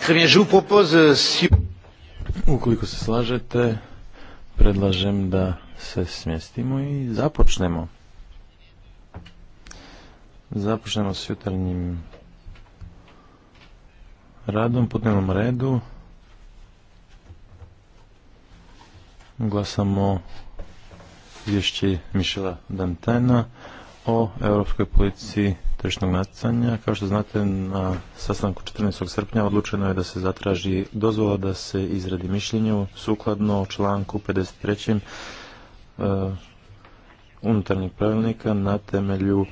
Euh, Ukoliko se slažete, predlažem da se smjestimo i započnemo. Započnemo s jutarnjim radom po dnevnom redu. Glasamo izvješće Mišela Dantena o europskoj policiji tržišnog natjecanja. Kao što znate, na sastanku 14. srpnja odlučeno je da se zatraži dozvola da se izradi mišljenje sukladno članku 53. Eh, unutarnjeg pravilnika na temelju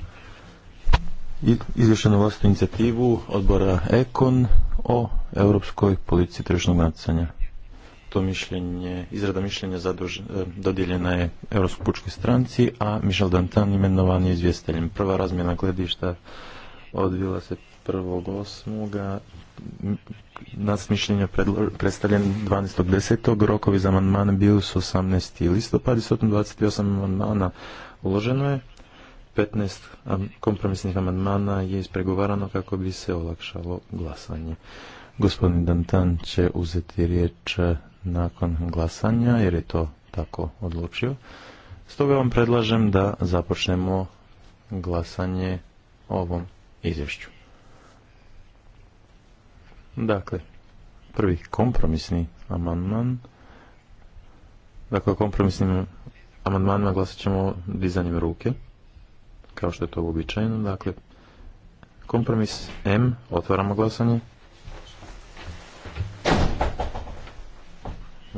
izvješća vlastnu inicijativu odbora EKON o europskoj politici tržišnog natjecanja to mišljenje, izrada mišljenja e, dodijeljena je Europskoj pučkoj stranci, a Michel Dantan imenovan je izvjestiteljem. Prva razmjena gledišta odvila se 1.8. Nas mišljenja predstavljen 12.10. Rokovi za amandmane bili su 18. listopad i 128 amandmana uloženo je. 15 kompromisnih amandmana je ispregovarano kako bi se olakšalo glasanje. Gospodin Dantan će uzeti riječ nakon glasanja, jer je to tako odlučio. Stoga vam predlažem da započnemo glasanje ovom izvješću. Dakle, prvi kompromisni amandman. Dakle, kompromisnim amandmanima glasat ćemo dizanjem ruke, kao što je to uobičajeno. Dakle, kompromis M, otvaramo glasanje.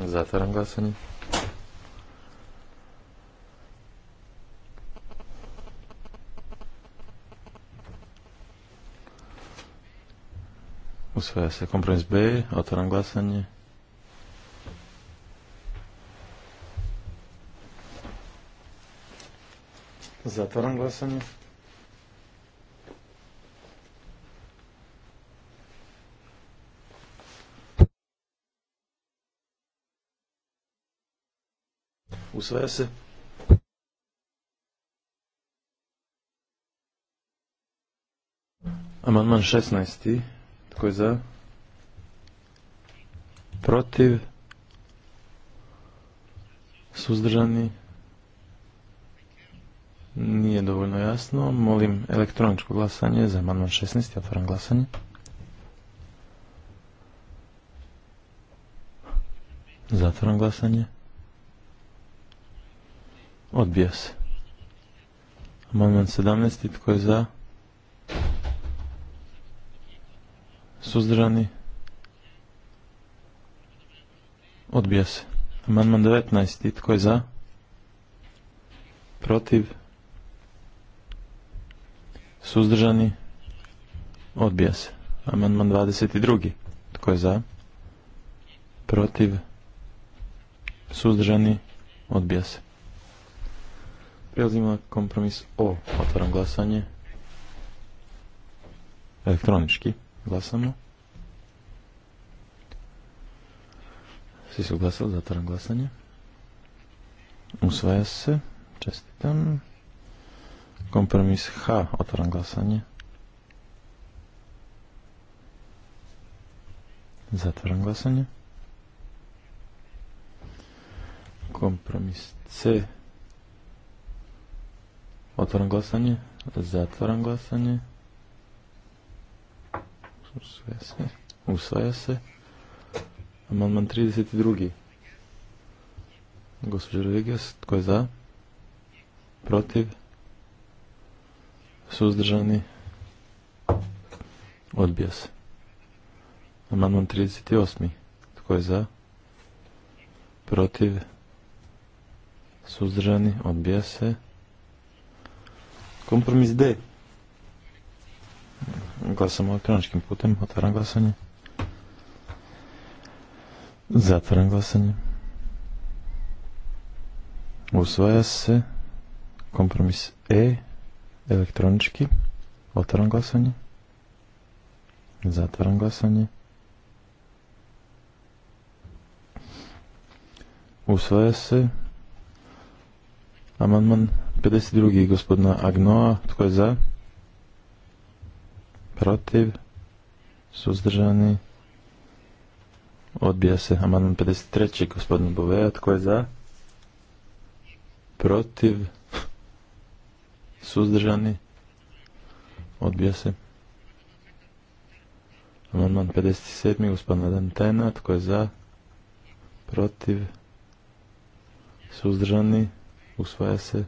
Zatvaram glasanje. Usvaja se kompromis B, otvaram glasanje. Zatvaram glasanje. usvaja se. Amandman 16. Tko je za? Protiv? Suzdržani? Nije dovoljno jasno. Molim elektroničko glasanje za amandman 16. Otvaram glasanje. Zatvaram glasanje. Odbija se. Amandman 17. Tko je za? Suzdržani. Odbija se. Amandman 19. Tko je za? Protiv? Suzdržani? Odbija se. Amandman 22. Tko je za? Protiv? Suzdržani? Odbija se. Prelazimo kompromis O. Otvaram glasanje. Elektronički glasamo. Svi su glasali, zatvaram glasanje. Usvaja se. Čestitam. Kompromis H. Otvaram glasanje. Zatvaram glasanje. Kompromis C. Otvaram glasanje. Zatvaram glasanje. Usvaja se. Usvaja se. Amandman 32. Gospođa Rodriguez, tko je za? Protiv? Suzdržani? Odbija se. Amandman 38. Tko je za? Protiv? Suzdržani? Odbija se. Kompromis D. Glasamo elektroničkim putem. Otvaram glasanje. Zatvaram glasanje. Usvaja se kompromis E elektronički. Otvaram glasanje. Zatvaram glasanje. Usvaja se amandman 52. gospodina Agnoa. Tko je za? Protiv? Suzdržani? Odbija se. Amandman 53. gospodina Bovea, Tko je za? Protiv? Suzdržani? Odbija se. Amandman 57. gospodina Dantena. Tko je za? Protiv? Suzdržani? Usvaja se.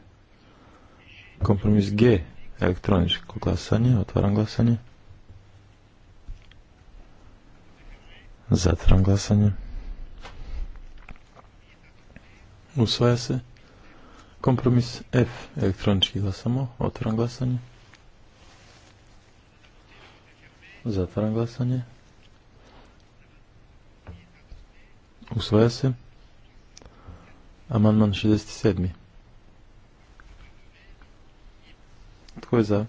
Kompromis G, elektroničko glasanje, otvaram glasanje. Zatvaram glasanje. Usvaja se. Kompromis F, elektronički glasamo, otvaram glasanje. Zatvaram glasanje. Usvaja se. Amandman 67. Tko je za?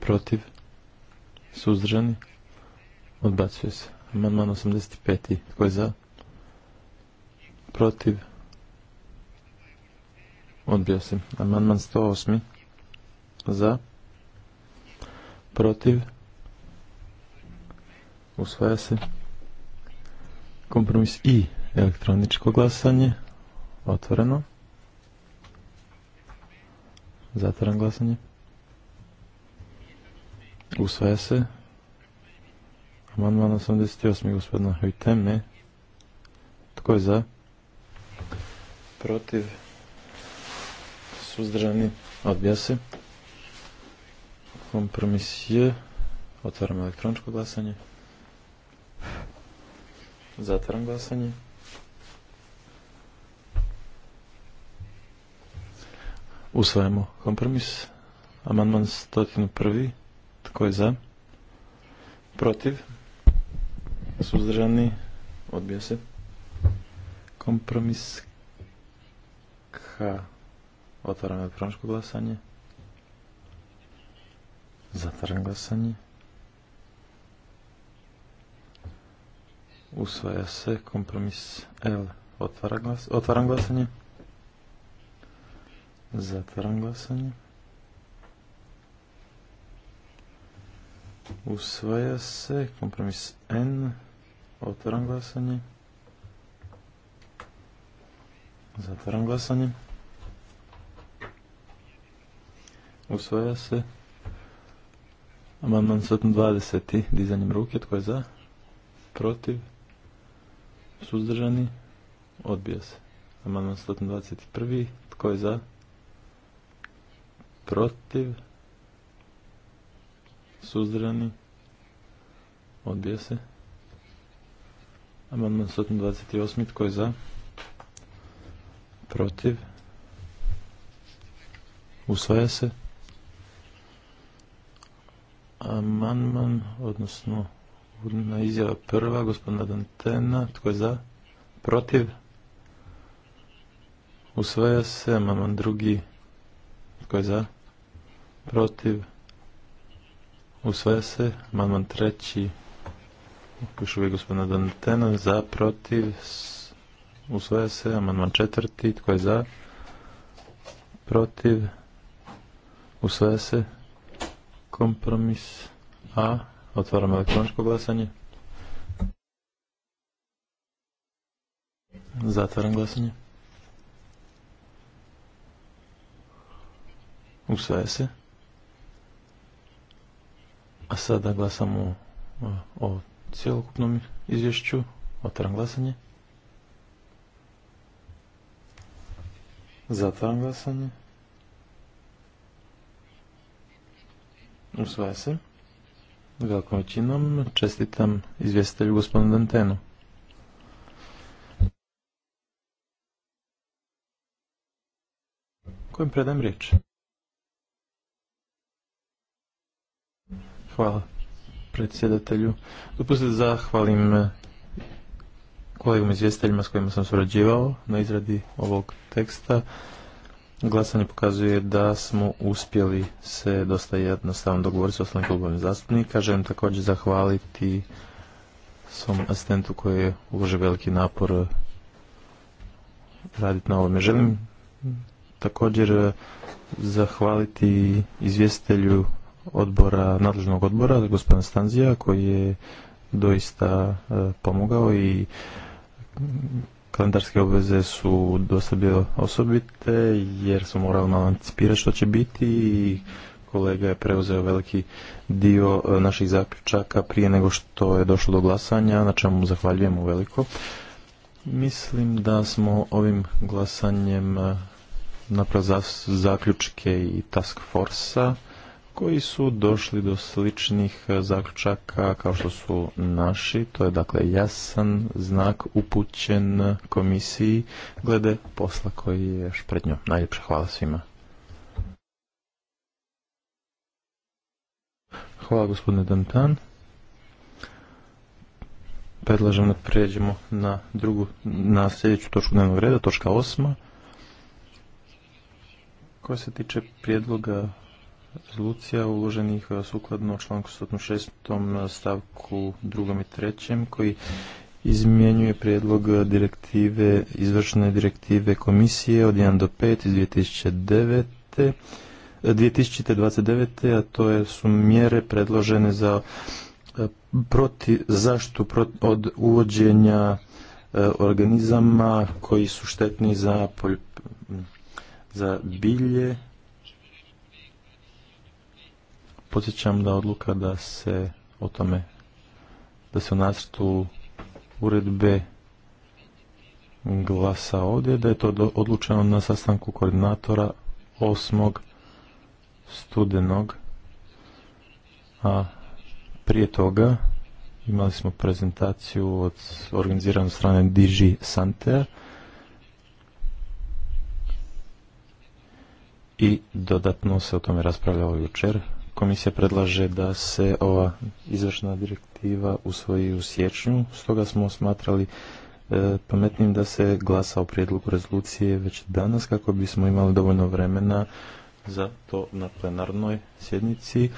Protiv? Suzdržani? Odbacuje se. Amandman 85. Tko je za? Protiv? odbio se. Amandman 108. Za? Protiv? Usvaja se. Kompromis i elektroničko glasanje. Otvoreno. Zatvaram glasanje. Usvaja se. Amandman 88. gospodina Hojteme. Tko je za? Protiv. Suzdržani. Odbija se. Kompromis je. Otvaram elektroničko glasanje. Zatvaram glasanje. Usvajamo kompromis. Amandman 101. Tko je za? Protiv? Suzdržani? Odbija se. Kompromis K. Otvaram elektroničko glasanje. Zatvaram glasanje. Usvaja se kompromis L. otvaram glasanje. Zatvaram glasanje. Usvaja se kompromis N. Otvaram glasanje. Zatvaram glasanje. Usvaja se. Amandman 120. Dizanjem ruke. Tko je za? Protiv? Suzdržani? Odbija se. Amandman 121. Tko je za? protiv, suzdrani, odbija se. Amandman 128. Tko je za? Protiv. Usvaja se. Amandman, odnosno na izjava prva, gospodina Dantena. Tko je za? Protiv. Usvaja se. Amandman drugi. Tko je za? protiv, usvaja se, amandman treći, još uvijek gospodina Donatena za, protiv, usvaja se, amandman četvrti, tko je za, protiv, usvaja se, kompromis, a, otvaram elektroničko glasanje. Zatvaram glasanje. Usvaja se. A sada glasamo o cijelokupnom izvješću. Otvaram glasanje. Zatvaram glasanje. Usvaja se. Velikom većinom čestitam izvjestitelju gospodinu Dantenu. Kojim predam riječ? Hvala predsjedatelju. Dopustite zahvalim eh, kolegom izvjestiteljima s kojima sam surađivao na izradi ovog teksta. Glasanje pokazuje da smo uspjeli se dosta jednostavno dogovoriti s ostalim klubovima zastupnika. Želim također zahvaliti svom asistentu koji je uložio veliki napor eh, raditi na ovome. Želim također eh, zahvaliti izvjestitelju odbora, nadležnog odbora, gospodina Stanzija, koji je doista e, pomogao i kalendarske obveze su dosta bile osobite jer smo morali malo anticipirati što će biti i kolega je preuzeo veliki dio e, naših zaključaka prije nego što je došlo do glasanja, na čemu zahvaljujemo veliko. Mislim da smo ovim glasanjem e, napravili zaključke i task forsa koji su došli do sličnih e, zaključaka kao što su naši, to je dakle jasan znak upućen komisiji glede posla koji je njom. Najljepše hvala svima. Hvala gospodine Dantan. Predlažem da pređemo na drugu, na sljedeću točku dnevnog reda, točka osma, koja se tiče prijedloga rezolucija uloženih e, sukladno članku 106. E, stavku 2. i 3. koji izmjenjuje prijedlog e, direktive, izvršne direktive komisije od 1 do 5 iz 2009. 2029. a to je, su mjere predložene za proti, zaštu proti, od uvođenja organizama koji su štetni za, polj, za bilje, Podsjećam da odluka da se o tome, da se u nacrtu uredbe glasa ovdje, da je to odlučeno na sastanku koordinatora 8. studenog, a prije toga imali smo prezentaciju od organizirane strane Digi Santea i dodatno se o tome raspravljalo jučer komisija predlaže da se ova izvršna direktiva usvoji u siječnju, stoga smo smatrali e, pametnim da se glasa o prijedlogu rezolucije već danas kako bismo imali dovoljno vremena za to na plenarnoj sjednici,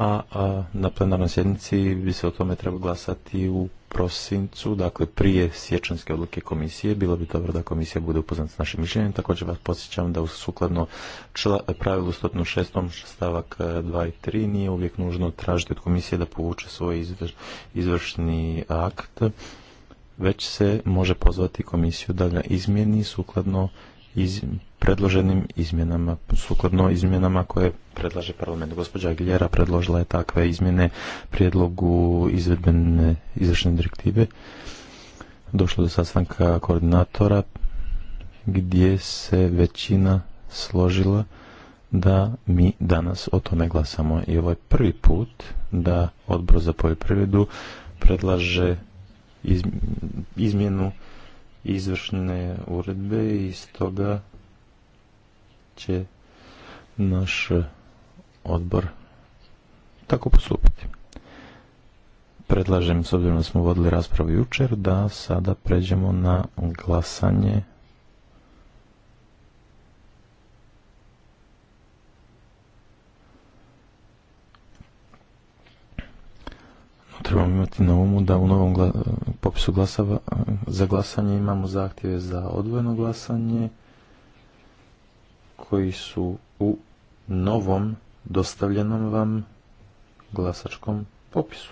a, na plenarnoj sjednici bi se o tome treba glasati u prosincu, dakle prije sječanske odluke komisije, bilo bi dobro da komisija bude upoznata s našim mišljenjem. Također vas podsjećam da sukladno čla, pravilu 106. stavak 2 e, i 3 nije uvijek nužno tražiti od komisije da povuče svoj izvršni akt, već se može pozvati komisiju da ga izmijeni sukladno iz, predloženim izmjenama, sukladno izmjenama koje predlaže parlament. Gospođa Aguilera predložila je takve izmjene prijedlogu izvedbene izvršne direktive. Došlo do sastanka koordinatora gdje se većina složila da mi danas o tome glasamo. I ovo je prvi put da odbor za poljoprivredu predlaže izmjenu izvršne uredbe i stoga će naš odbor tako postupiti. Predlažem, s obzirom da smo vodili raspravu jučer, da sada pređemo na glasanje trebamo imati na umu da u novom popisu za glasanje imamo zahtjeve za odvojeno glasanje koji su u novom dostavljenom vam glasačkom popisu.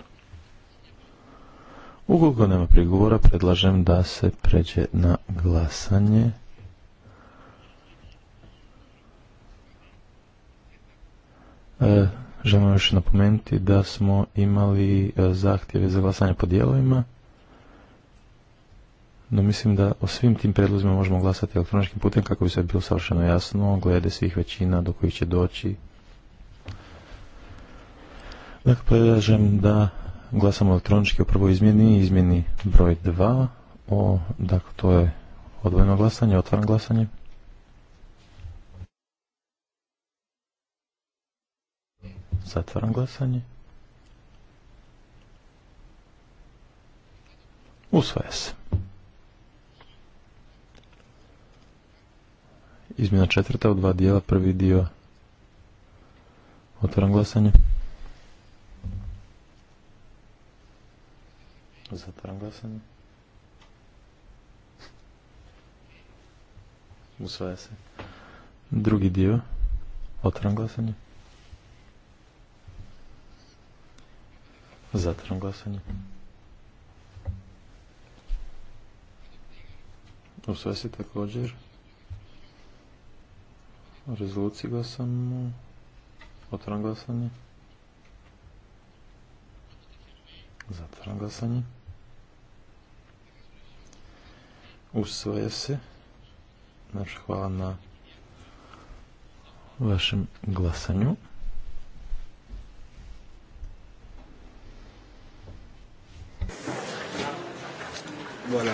Ukoliko nema prigovora, predlažem da se pređe na glasanje. E, Želimo još napomenuti da smo imali e, zahtjeve za glasanje po dijelovima, no mislim da o svim tim predlozima možemo glasati elektroničkim putem kako bi sve bilo savršeno jasno, glede svih većina do kojih će doći. Dakle, predlažem da glasamo elektronički o prvoj izmjeni, izmjeni broj 2, o, dakle, to je odvojeno glasanje, otvoreno glasanje. Zatvaram glasanje. Usvaja se. Izmjena četvrta u dva dijela, prvi dio. Otvaram glasanje. Zatvaram glasanje. Usvaja se. Drugi dio. Otvaram glasanje. Zatvaram glasanje. U se također. O rezoluciji glasamo. Otvaram glasanje. Zatvaram glasanje. Usvaja se. Naš hvala na vašem glasanju. Voilà.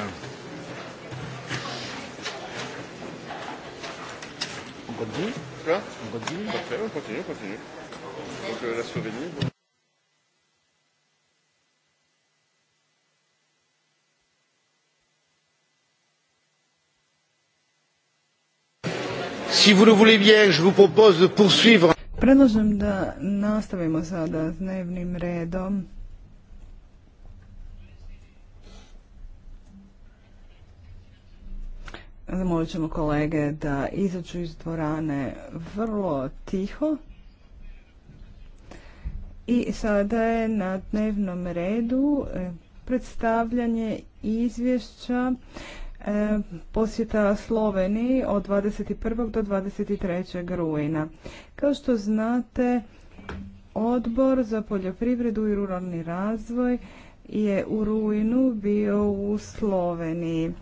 On continue Là On continue Parfait, on continue, on continue. Donc euh, la Slovénie. Bon. Si vous le voulez bien, je vous propose de poursuivre. Predlažem da nastavimo sada s dnevnim redom. Zamolit ćemo kolege da izađu iz dvorane vrlo tiho. I sada je na dnevnom redu e, predstavljanje izvješća e, posjeta Sloveniji od 21. do 23. rujna. Kao što znate, Odbor za poljoprivredu i ruralni razvoj je u rujnu bio u Sloveniji.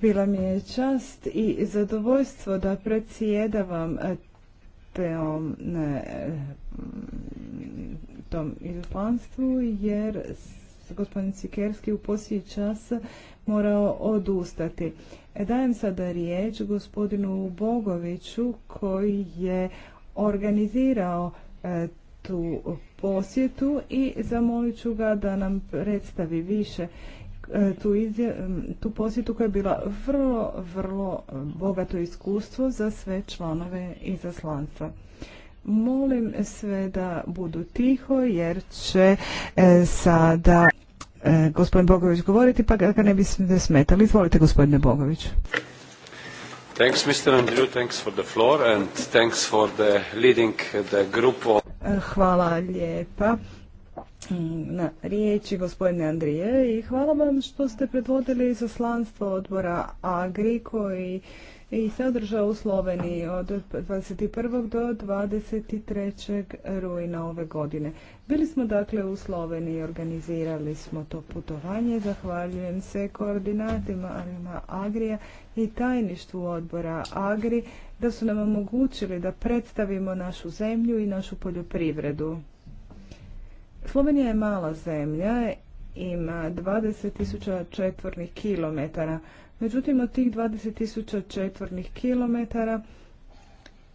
Bila mi je čast i zadovoljstvo da predsjedavam e, e, tom, ne, tom jer gospodin Sikerski u posljednji čas morao odustati. E, dajem sada riječ gospodinu Bogoviću koji je organizirao tu posjetu i zamolit ću ga da nam predstavi više E, tu, izje, tu posjetu koja je bila vrlo, vrlo e, bogato iskustvo za sve članove izaslanstva. Molim sve da budu tiho jer će e, sada gospodin Bogović govoriti pa ga ne bi smetali. Izvolite gospodine Bogović. Thanks Mr. leading Hvala lijepa Mm, na riječi gospodine Andrije i hvala vam što ste predvodili izaslanstvo odbora Agri koji i se održao u Sloveniji od 21. do 23. rujna ove godine. Bili smo dakle u Sloveniji, organizirali smo to putovanje. Zahvaljujem se koordinatima Agrija i tajništvu odbora Agri da su nam omogućili da predstavimo našu zemlju i našu poljoprivredu. Slovenija je mala zemlja, ima 20.000 četvornih kilometara. Međutim, od tih 20.000 četvornih kilometara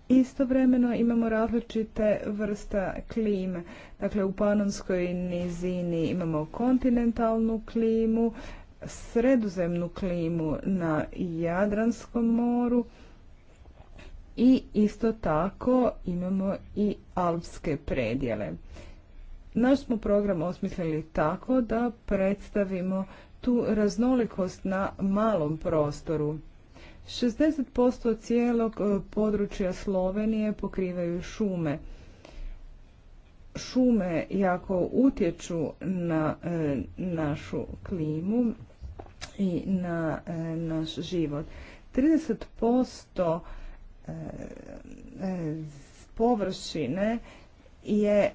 istovremeno imamo različite vrsta klime. Dakle, u panonskoj nizini imamo kontinentalnu klimu, sredozemnu klimu na Jadranskom moru i isto tako imamo i alpske predjele. Naš smo program osmislili tako da predstavimo tu raznolikost na malom prostoru. 60% cijelog e, područja Slovenije pokrivaju šume. Šume jako utječu na e, našu klimu i na e, naš život. 30% površine je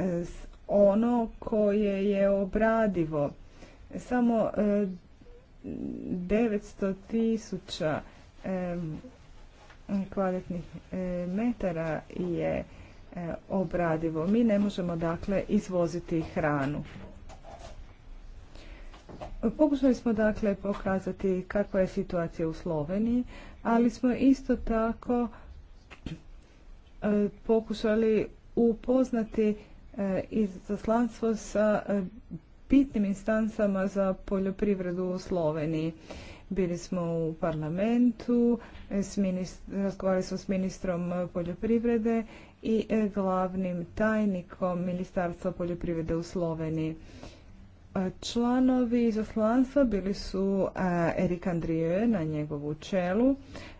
E, ono koje je obradivo. Samo 900 e, tisuća e, kvadratnih metara je obradivo. Mi ne možemo dakle izvoziti hranu. Pokušali smo dakle pokazati kakva je situacija u Sloveniji, ali smo isto tako pokušali upoznati E, izaslanstvo sa e, bitnim instancama za poljoprivredu u Sloveniji. Bili smo u parlamentu, e, razgovarali smo s ministrom poljoprivrede i glavnim tajnikom Ministarstva poljoprivrede u Sloveniji. Članovi izaslanstva bili su Erik Andrije na njegovu čelu,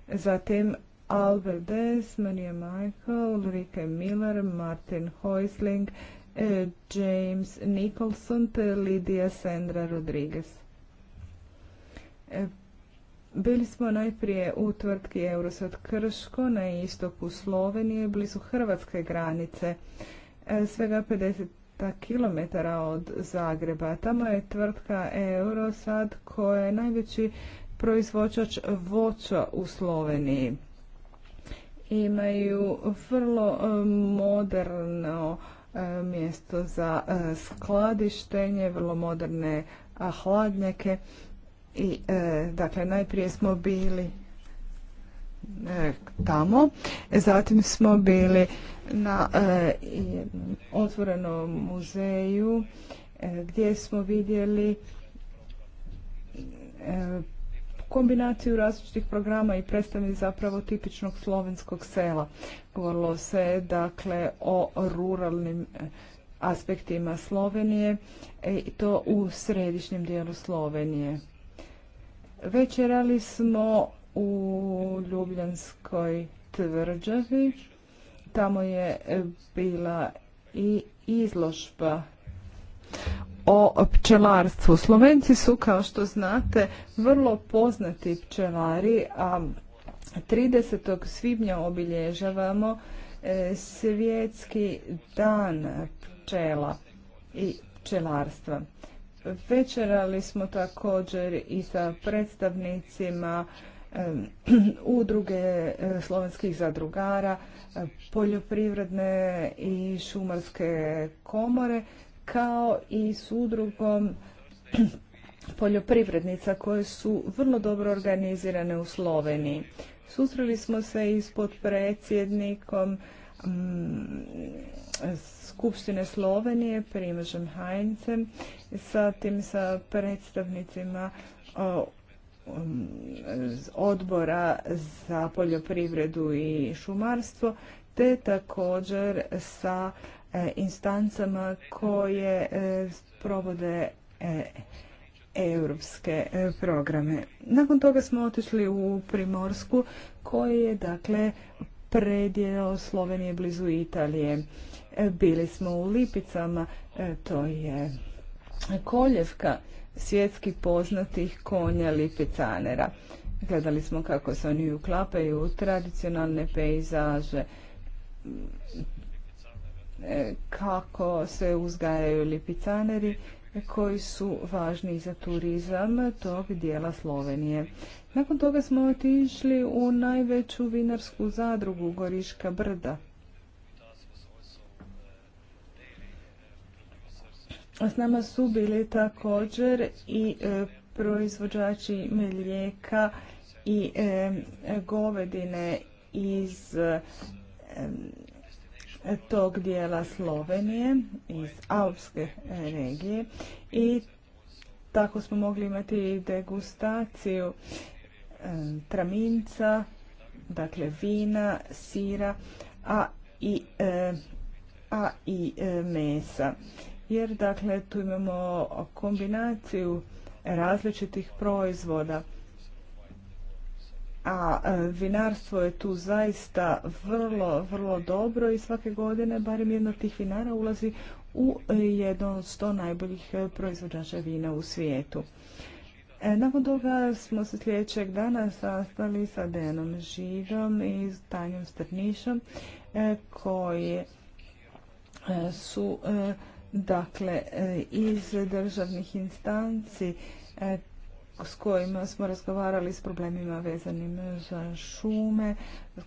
zatim Albert Dess, Marija Michael, Ulrike Miller, Martin Heusling, e, James Nicholson te Lidija Sandra Rodriguez. E, bili smo najprije u tvrtki Eurosat Krško na istoku Slovenije, blizu hrvatske granice, e, svega 50 km od Zagreba. Tamo je tvrtka Eurosat koja je najveći proizvođač voća u Sloveniji imaju vrlo e, moderno e, mjesto za e, skladištenje, vrlo moderne hladnjake i dakle najprije smo bili tamo, zatim smo bili na otvorenom muzeju gdje smo vidjeli kombinaciju različitih programa i predstavnik zapravo tipičnog slovenskog sela. Govorilo se dakle o ruralnim e, aspektima Slovenije e, i to u središnjem dijelu Slovenije. Večerali smo u Ljubljanskoj tvrđavi. Tamo je bila i izložba o pčelarstvu. Slovenci su, kao što znate, vrlo poznati pčelari, a 30. svibnja obilježavamo e, svjetski dan pčela i pčelarstva. Večerali smo također i sa predstavnicima e, udruge e, slovenskih zadrugara, poljoprivredne i šumarske komore kao i s udrugom poljoprivrednica koje su vrlo dobro organizirane u Sloveniji. Susreli smo se i s podpredsjednikom mm, Skupštine Slovenije, Primožem Hajncem, zatim sa predstavnicima um, odbora za poljoprivredu i šumarstvo, te također sa E, instancama koje e, provode e, europske programe. Nakon toga smo otišli u Primorsku koji je dakle predjeo Slovenije blizu Italije. Bili smo u Lipicama, to je koljevka svjetski poznatih konja Lipicanera. Gledali smo kako se oni uklapaju u tradicionalne pejzaže. E, kako se uzgajaju lipicaneri koji su važni za turizam tog dijela Slovenije. Nakon toga smo otišli u najveću vinarsku zadrugu Goriška brda. S nama su bili također i e, proizvođači mlijeka i e, govedine iz tog dijela Slovenije iz Alpske regije i tako smo mogli imati degustaciju e, traminca, dakle vina, sira, a i, e, a i e, mesa. Jer dakle tu imamo kombinaciju različitih proizvoda a e, vinarstvo je tu zaista vrlo, vrlo dobro i svake godine barem jedno od tih vinara ulazi u jedno od sto najboljih e, proizvođača vina u svijetu. E, nakon toga smo se sljedećeg dana sastali sa Denom žigom i Tanjom Strnišom koji su dakle iz državnih instanci s kojima smo razgovarali s problemima vezanim za šume,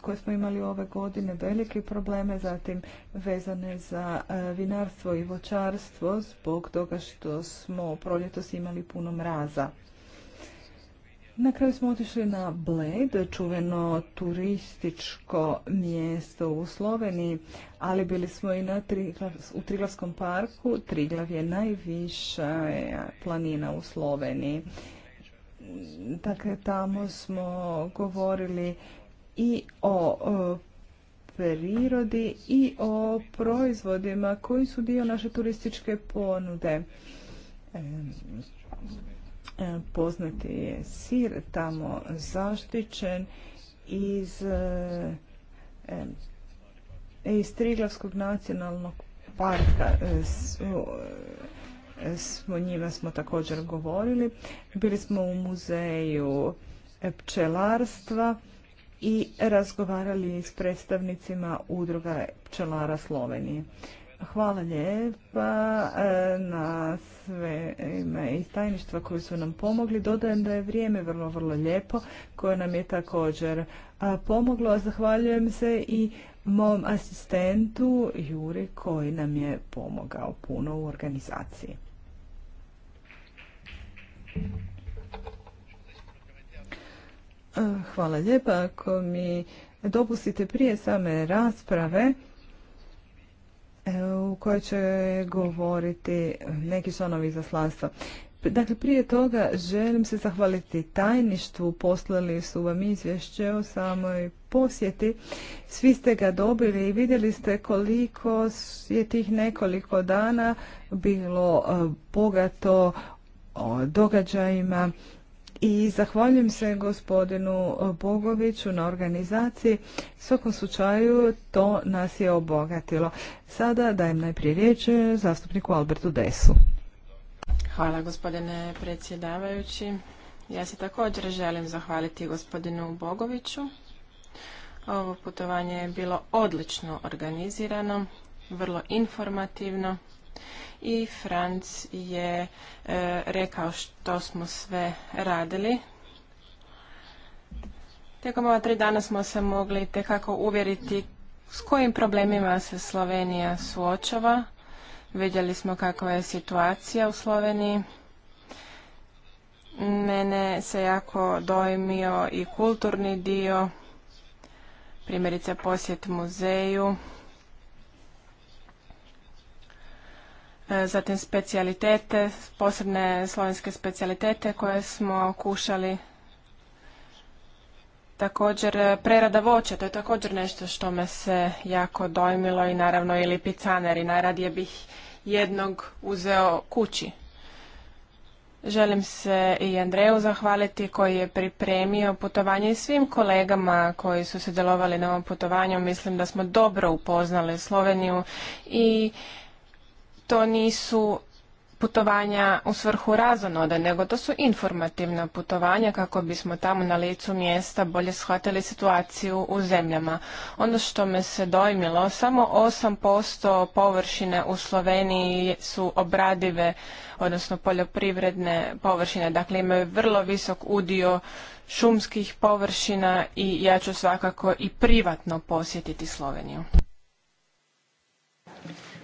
koje smo imali ove godine velike probleme, zatim vezane za e, vinarstvo i voćarstvo zbog toga što smo proljetos imali puno mraza. Na kraju smo otišli na Bled, čuveno turističko mjesto u Sloveniji, ali bili smo i na u Triglavskom parku. Triglav je najviša e, planina u Sloveniji. Dakle, tamo smo govorili i o prirodi i o proizvodima koji su dio naše turističke ponude. E, e, poznati je sir tamo zaštićen iz, e, iz Triglavskog nacionalnog parka o njima smo također govorili. Bili smo u muzeju pčelarstva i razgovarali s predstavnicima udruga pčelara Slovenije. Hvala lijepa e, na sve ime i tajništva koji su nam pomogli. Dodajem da je vrijeme vrlo, vrlo lijepo koje nam je također pomoglo. Zahvaljujem se i mom asistentu Juri koji nam je pomogao puno u organizaciji. Eh, hvala lijepa. Ako mi dopustite prije same rasprave eh, u kojoj će govoriti neki članovi izaslanstva. Dakle, prije toga želim se zahvaliti tajništvu. Poslali su vam izvješće o samoj posjeti. Svi ste ga dobili i vidjeli ste koliko je tih nekoliko dana bilo e, bogato događajima i zahvaljujem se gospodinu e, Bogoviću na organizaciji. U svakom slučaju to nas je obogatilo. Sada dajem najprije riječ e, zastupniku Albertu Desu. Hvala gospodine predsjedavajući. Ja se također želim zahvaliti gospodinu Bogoviću ovo putovanje je bilo odlično organizirano, vrlo informativno i Franc je e, rekao što smo sve radili. Tijekom ova tri dana smo se mogli tekako uvjeriti s kojim problemima se Slovenija suočava. Vidjeli smo kakva je situacija u Sloveniji. Mene se jako dojmio i kulturni dio primjerice posjet muzeju, e, zatim specijalitete, posebne slovenske specijalitete koje smo kušali. Također e, prerada voća, to je također nešto što me se jako dojmilo i naravno i picaneri. Najradije bih jednog uzeo kući. Želim se i Andreju zahvaliti koji je pripremio putovanje i svim kolegama koji su sudjelovali na ovom putovanju. Mislim da smo dobro upoznali Sloveniju i to nisu putovanja u svrhu razonode nego to su informativna putovanja kako bismo tamo na licu mjesta bolje shvatili situaciju u zemljama. Ono što me se dojmilo, samo 8% površine u Sloveniji su obradive, odnosno poljoprivredne površine, dakle imaju vrlo visok udio šumskih površina i ja ću svakako i privatno posjetiti Sloveniju.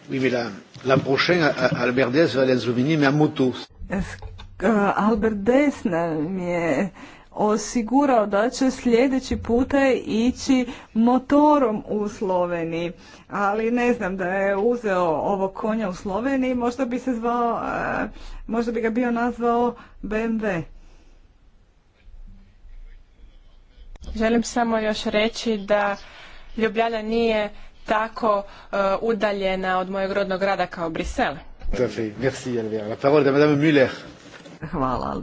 Oui, mais la, la prochaine, Albert Dess va mais à Albert Dess nam je osigurao da će sljedeći puta ići motorom u Sloveniji. Ali ne znam da je uzeo ovo konja u Sloveniji, možda bi se zvao, e, možda bi ga bio nazvao BMW. Želim samo još reći da Ljubljana nije tako uh, udaljena od mojeg rodnog grada kao Brisel. Hvala,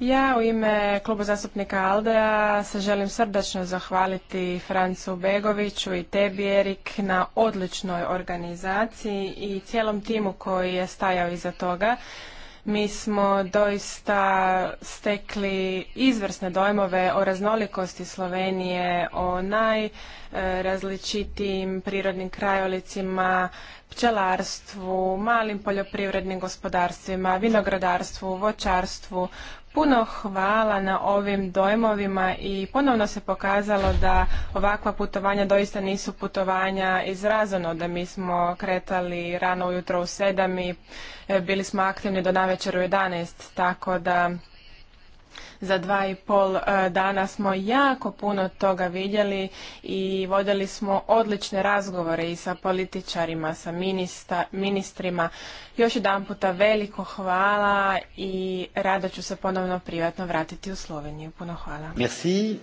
Ja u ime kluba zastupnika Aldeja se želim srdačno zahvaliti Francu Begoviću i tebi Erik na odličnoj organizaciji i cijelom timu koji je stajao iza toga. Mi smo doista stekli izvrsne dojmove o raznolikosti Slovenije, o najrazličitijim prirodnim krajolicima, pčelarstvu, malim poljoprivrednim gospodarstvima, vinogradarstvu, voćarstvu, Puno hvala na ovim dojmovima i ponovno se pokazalo da ovakva putovanja doista nisu putovanja izrazano, da mi smo kretali rano ujutro u sedam i e, bili smo aktivni do navečer u 11, tako da za dva i pol e, dana smo jako puno toga vidjeli i vodili smo odlične razgovore i sa političarima, sa ministrima. Još jedan puta veliko hvala i rado ću se ponovno privatno vratiti u Sloveniju. Puno hvala. Merci.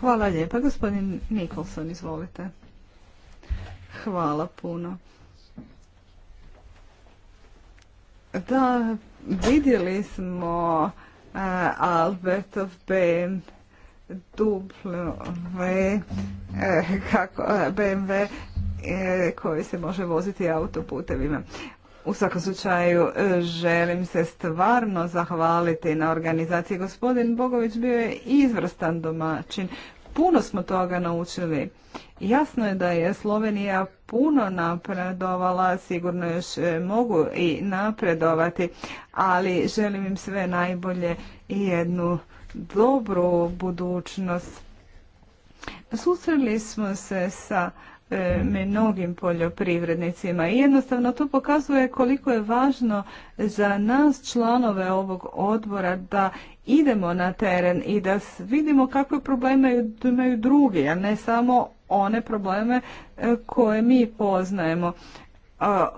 Hvala lijepa. Gospodin Nikolson, izvolite. Hvala puno. Da, vidjeli smo Albertov duplo kako, BMW e, koji se može voziti autoputevima. U svakom slučaju e, želim se stvarno zahvaliti na organizaciji. Gospodin Bogović bio je izvrstan domaćin. Puno smo toga naučili. Jasno je da je Slovenija puno napredovala, sigurno još e, mogu i napredovati, ali želim im sve najbolje i jednu dobru budućnost. Susreli smo se sa E, mnogim poljoprivrednicima i jednostavno to pokazuje koliko je važno za nas članove ovog odbora da idemo na teren i da vidimo kakve probleme imaju drugi, a ne samo one probleme e, koje mi poznajemo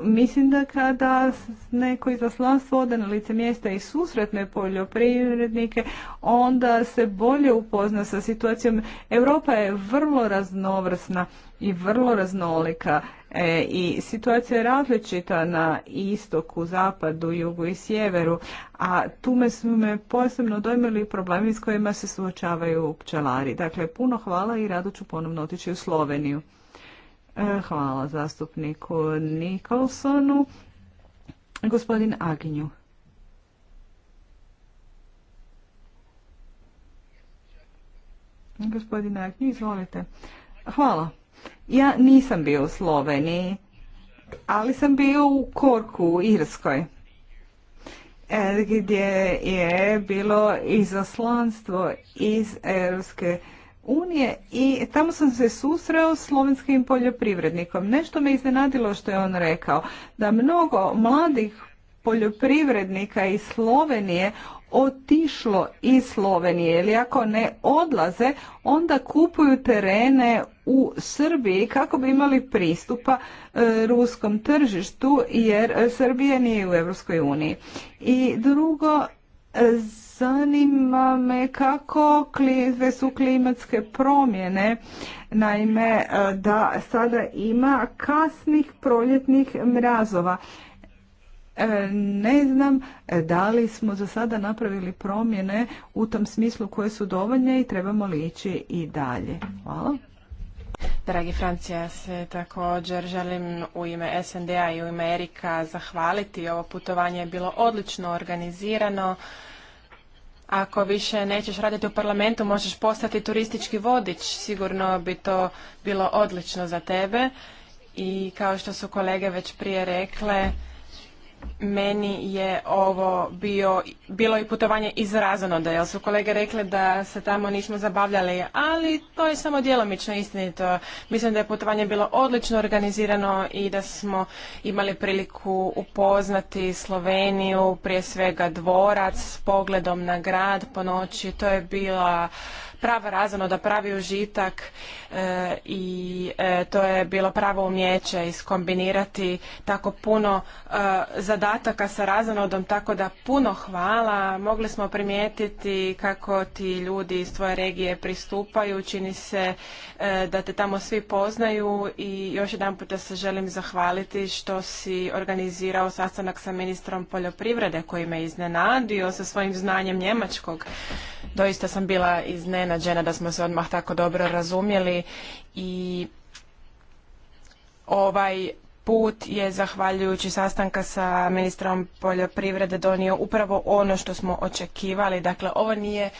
mislim da kada neko izaslanstvo ode na lice mjesta i susretne poljoprivrednike, onda se bolje upozna sa situacijom. Europa je vrlo raznovrsna i vrlo raznolika e, i situacija je različita na istoku, zapadu, jugu i sjeveru, a tu me su me posebno dojmili problemi s kojima se suočavaju pčelari. Dakle, puno hvala i rado ću ponovno otići u Sloveniju. E, hvala zastupniku Nikolsonu. Gospodin Aginju. Gospodin Aginju, izvolite. Hvala. Ja nisam bio u Sloveniji, ali sam bio u Korku u Irskoj e, gdje je bilo izaslanstvo iz Europske unije i tamo sam se susreo s slovenskim poljoprivrednikom. Nešto me iznenadilo što je on rekao, da mnogo mladih poljoprivrednika iz Slovenije otišlo iz Slovenije ili ako ne odlaze, onda kupuju terene u Srbiji kako bi imali pristupa e, ruskom tržištu jer Srbija nije u Europskoj uniji. I drugo, Zanima me kako su klimatske promjene, naime e, da sada ima kasnih proljetnih mrazova. E, ne znam e, da li smo za sada napravili promjene u tom smislu koje su dovoljne i trebamo li ići i dalje. Hvala. Dragi Francija, se također želim u ime snd i u ime Erika zahvaliti. Ovo putovanje je bilo odlično organizirano ako više nećeš raditi u parlamentu, možeš postati turistički vodič. Sigurno bi to bilo odlično za tebe. I kao što su kolege već prije rekle, meni je ovo bio, bilo i putovanje izrazano, da jer su kolege rekle da se tamo nismo zabavljali, ali to je samo djelomično istinito. Mislim da je putovanje bilo odlično organizirano i da smo imali priliku upoznati Sloveniju, prije svega dvorac s pogledom na grad po noći. To je bila prava razonoda, pravi užitak e, i e, to je bilo pravo umjeće iskombinirati tako puno e, zadataka sa razonodom, tako da puno hvala. Mogli smo primijetiti kako ti ljudi iz tvoje regije pristupaju, čini se da te tamo svi poznaju i još jedan puta se želim zahvaliti što si organizirao sastanak sa ministrom poljoprivrede koji me iznenadio sa svojim znanjem njemačkog. Doista sam bila iznenada Žena da smo se odmah tako dobro razumjeli i ovaj put je zahvaljujući sastanka sa ministrom poljoprivrede donio upravo ono što smo očekivali. Dakle, ovo nije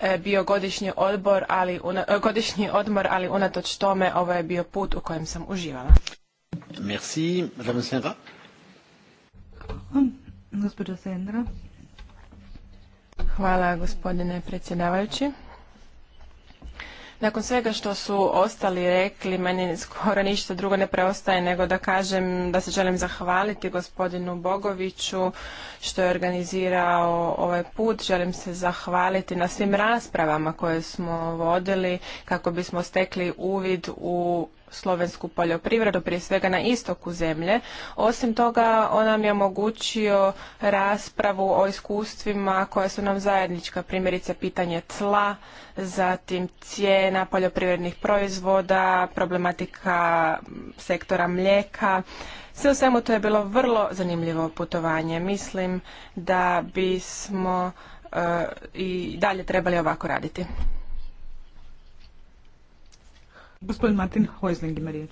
e, bio godišnji odbor, ali e, godišnji odmor, ali unatoč tome ovo je bio put u kojem sam uživala. Merci, Hvala, gospodine predsjedavajući. Nakon svega što su ostali rekli, meni skoro ništa drugo ne preostaje nego da kažem da se želim zahvaliti gospodinu Bogoviću što je organizirao ovaj put. Želim se zahvaliti na svim raspravama koje smo vodili kako bismo stekli uvid u slovensku poljoprivredu, prije svega na istoku zemlje. Osim toga, on nam je omogućio raspravu o iskustvima koja su nam zajednička, primjerice pitanje tla, zatim cijena poljoprivrednih proizvoda, problematika sektora mlijeka. Sve u svemu to je bilo vrlo zanimljivo putovanje. Mislim da bismo e, i dalje trebali ovako raditi. Gospodin Martin Hojzling ima riječ.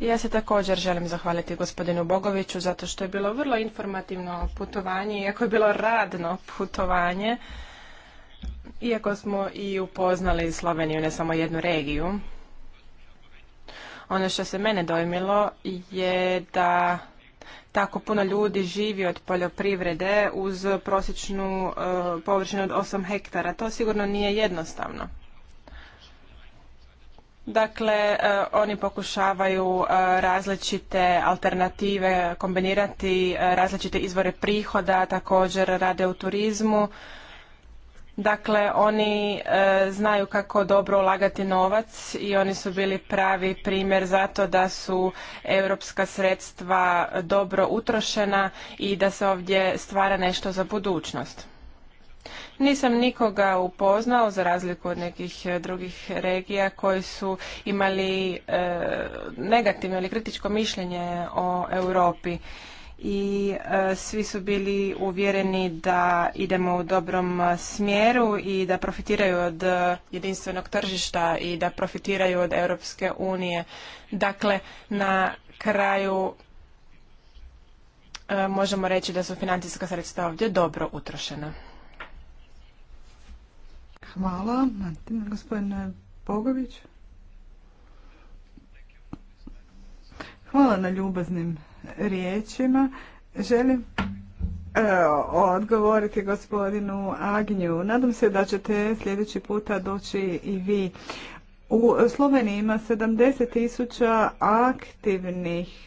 Ja se također želim zahvaliti gospodinu Bogoviću zato što je bilo vrlo informativno putovanje, iako je bilo radno putovanje, iako smo i upoznali Sloveniju, ne samo jednu regiju. Ono što se mene dojmilo je da tako puno ljudi živi od poljoprivrede uz prosječnu e, površinu od 8 hektara. To sigurno nije jednostavno. Dakle, e, oni pokušavaju e, različite alternative kombinirati, e, različite izvore prihoda, također rade u turizmu. Dakle, oni znaju kako dobro ulagati novac i oni su bili pravi primjer zato da su europska sredstva dobro utrošena i da se ovdje stvara nešto za budućnost. Nisam nikoga upoznao, za razliku od nekih e, drugih regija koji su imali e, negativno ili kritičko mišljenje o Europi i e, svi su bili uvjereni da idemo u dobrom smjeru i da profitiraju od jedinstvenog tržišta i da profitiraju od Europske unije. Dakle, na kraju možemo reći da su financijska sredstva ovdje dobro utrošena. Hvala. Gospodine Bogović. Hvala na ljubaznim riječima. Želim e, odgovoriti gospodinu Agnju. Nadam se da ćete sljedeći puta doći i vi. U Sloveniji ima 70.000 tisuća aktivnih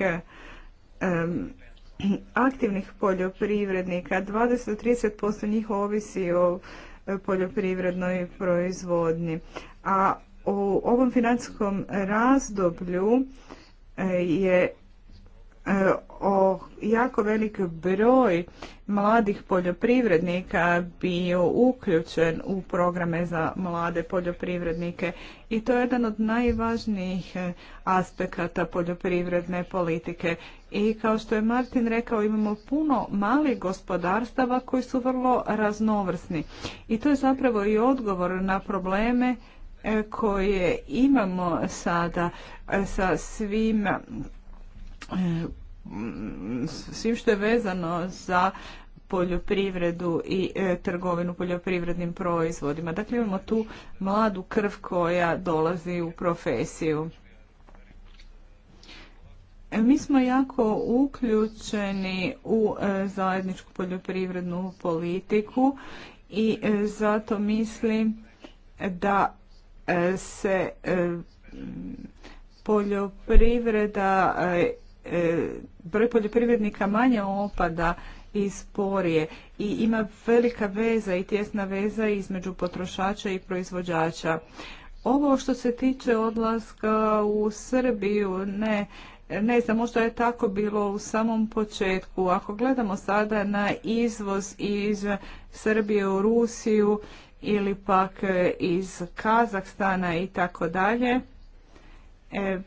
aktivnih poljoprivrednika. 20-30% njih ovisi o poljoprivrednoj proizvodnji. A u ovom financijskom razdoblju e, je e, o jako velik broj mladih poljoprivrednika bio uključen u programe za mlade poljoprivrednike i to je jedan od najvažnijih e, aspekata poljoprivredne politike. I kao što je Martin rekao, imamo puno malih gospodarstava koji su vrlo raznovrsni. I to je zapravo i odgovor na probleme e, koje imamo sada e, sa svim svim što je vezano za poljoprivredu i e, trgovinu poljoprivrednim proizvodima. Dakle, imamo tu mladu krv koja dolazi u profesiju. E, mi smo jako uključeni u e, zajedničku poljoprivrednu politiku i zato mislim da se poljoprivreda E, broj poljoprivrednika manje opada i sporije i ima velika veza i tjesna veza između potrošača i proizvođača. Ovo što se tiče odlaska u Srbiju, ne, ne znam, možda je tako bilo u samom početku. Ako gledamo sada na izvoz iz Srbije u Rusiju ili pak iz Kazahstana i tako dalje, e,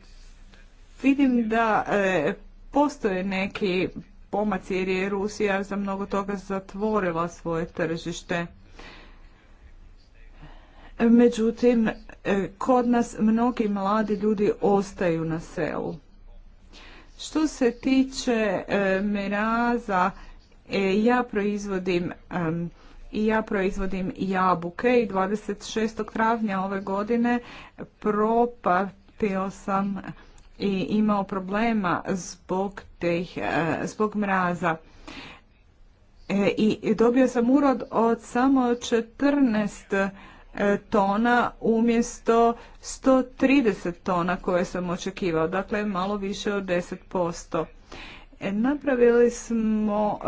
Vidim da e, postoje neki pomaci jer je Rusija za mnogo toga zatvorila svoje tržište. Međutim, e, kod nas mnogi mladi ljudi ostaju na selu. Što se tiče e, meraza, ja proizvodim i ja proizvodim jabuke i 26. travnja ove godine propatio sam i imao problema zbog, teh, e, zbog mraza. E, I dobio sam urod od samo 14 e, tona umjesto 130 tona koje sam očekivao, dakle malo više od 10%. Napravili smo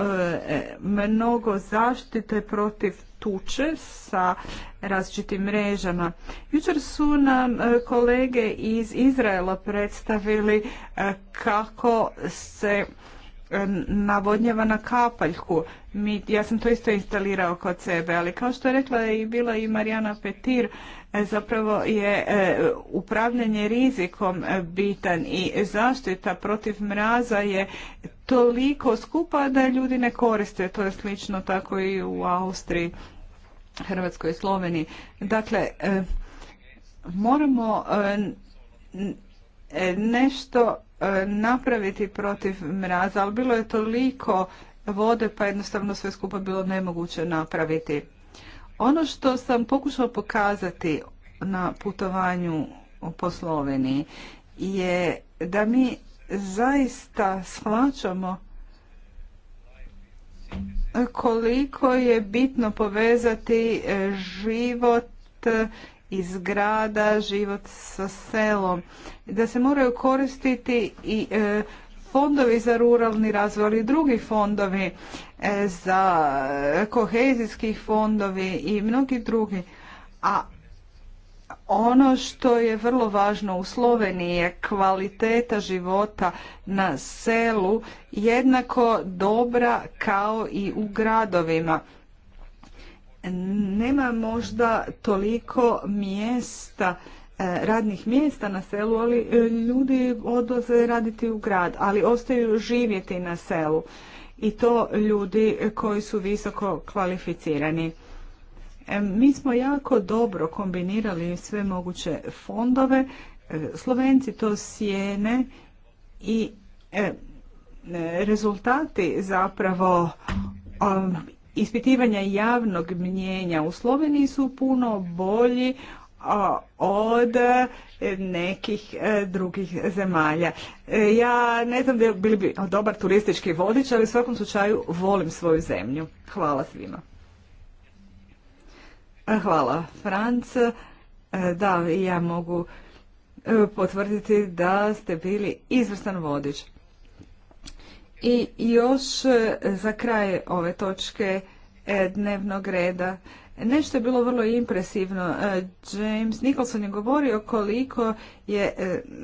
mnogo zaštite protiv tuče sa različitim mrežama. Jučer su nam e, kolege iz Izraela predstavili e, kako se navodnjava na kapaljku. ja sam to isto instalirao kod sebe, ali kao što je rekla i bila i Marijana Petir, e, zapravo je e, upravljanje rizikom e, bitan i zaštita protiv mraza je toliko skupa da ljudi ne koriste. To je slično tako i u Austriji, Hrvatskoj i Sloveniji. Dakle, moramo nešto E, napraviti protiv mraza, ali bilo je toliko vode pa jednostavno sve skupa bilo nemoguće napraviti. Ono što sam pokušala pokazati na putovanju po Sloveniji je da mi zaista shvaćamo koliko je bitno povezati život iz grada, život sa selom, da se moraju koristiti i e, fondovi za ruralni razvoj, i drugi fondovi e, za kohezijski fondovi i mnogi drugi. A ono što je vrlo važno u Sloveniji je kvaliteta života na selu jednako dobra kao i u gradovima nema možda toliko mjesta e, radnih mjesta na selu, ali e, ljudi odlaze raditi u grad, ali ostaju živjeti na selu. I to ljudi koji su visoko kvalificirani. E, mi smo jako dobro kombinirali sve moguće fondove. Slovenci to sjene i rezultati zapravo um, ispitivanja javnog mnjenja u Sloveniji su puno bolji od e, nekih e, drugih zemalja. E, ja ne znam da bili bi dobar turistički vodič, ali u svakom slučaju volim svoju zemlju. Hvala svima. Hvala, Franc. Da, ja mogu potvrditi da ste bili izvrstan vodič. I još e, za kraj ove točke e, dnevnog reda. Nešto je bilo vrlo impresivno. E, James Nicholson je govorio koliko je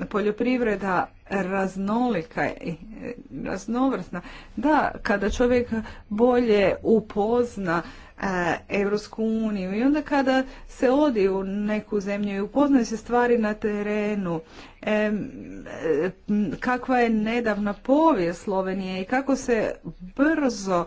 poljoprivreda raznolika i raznovrsna. Da, kada čovjek bolje upozna Europsku uniju. I onda kada se odi u neku zemlju i upoznaju se stvari na terenu, kakva je nedavna povijest Slovenije i kako se brzo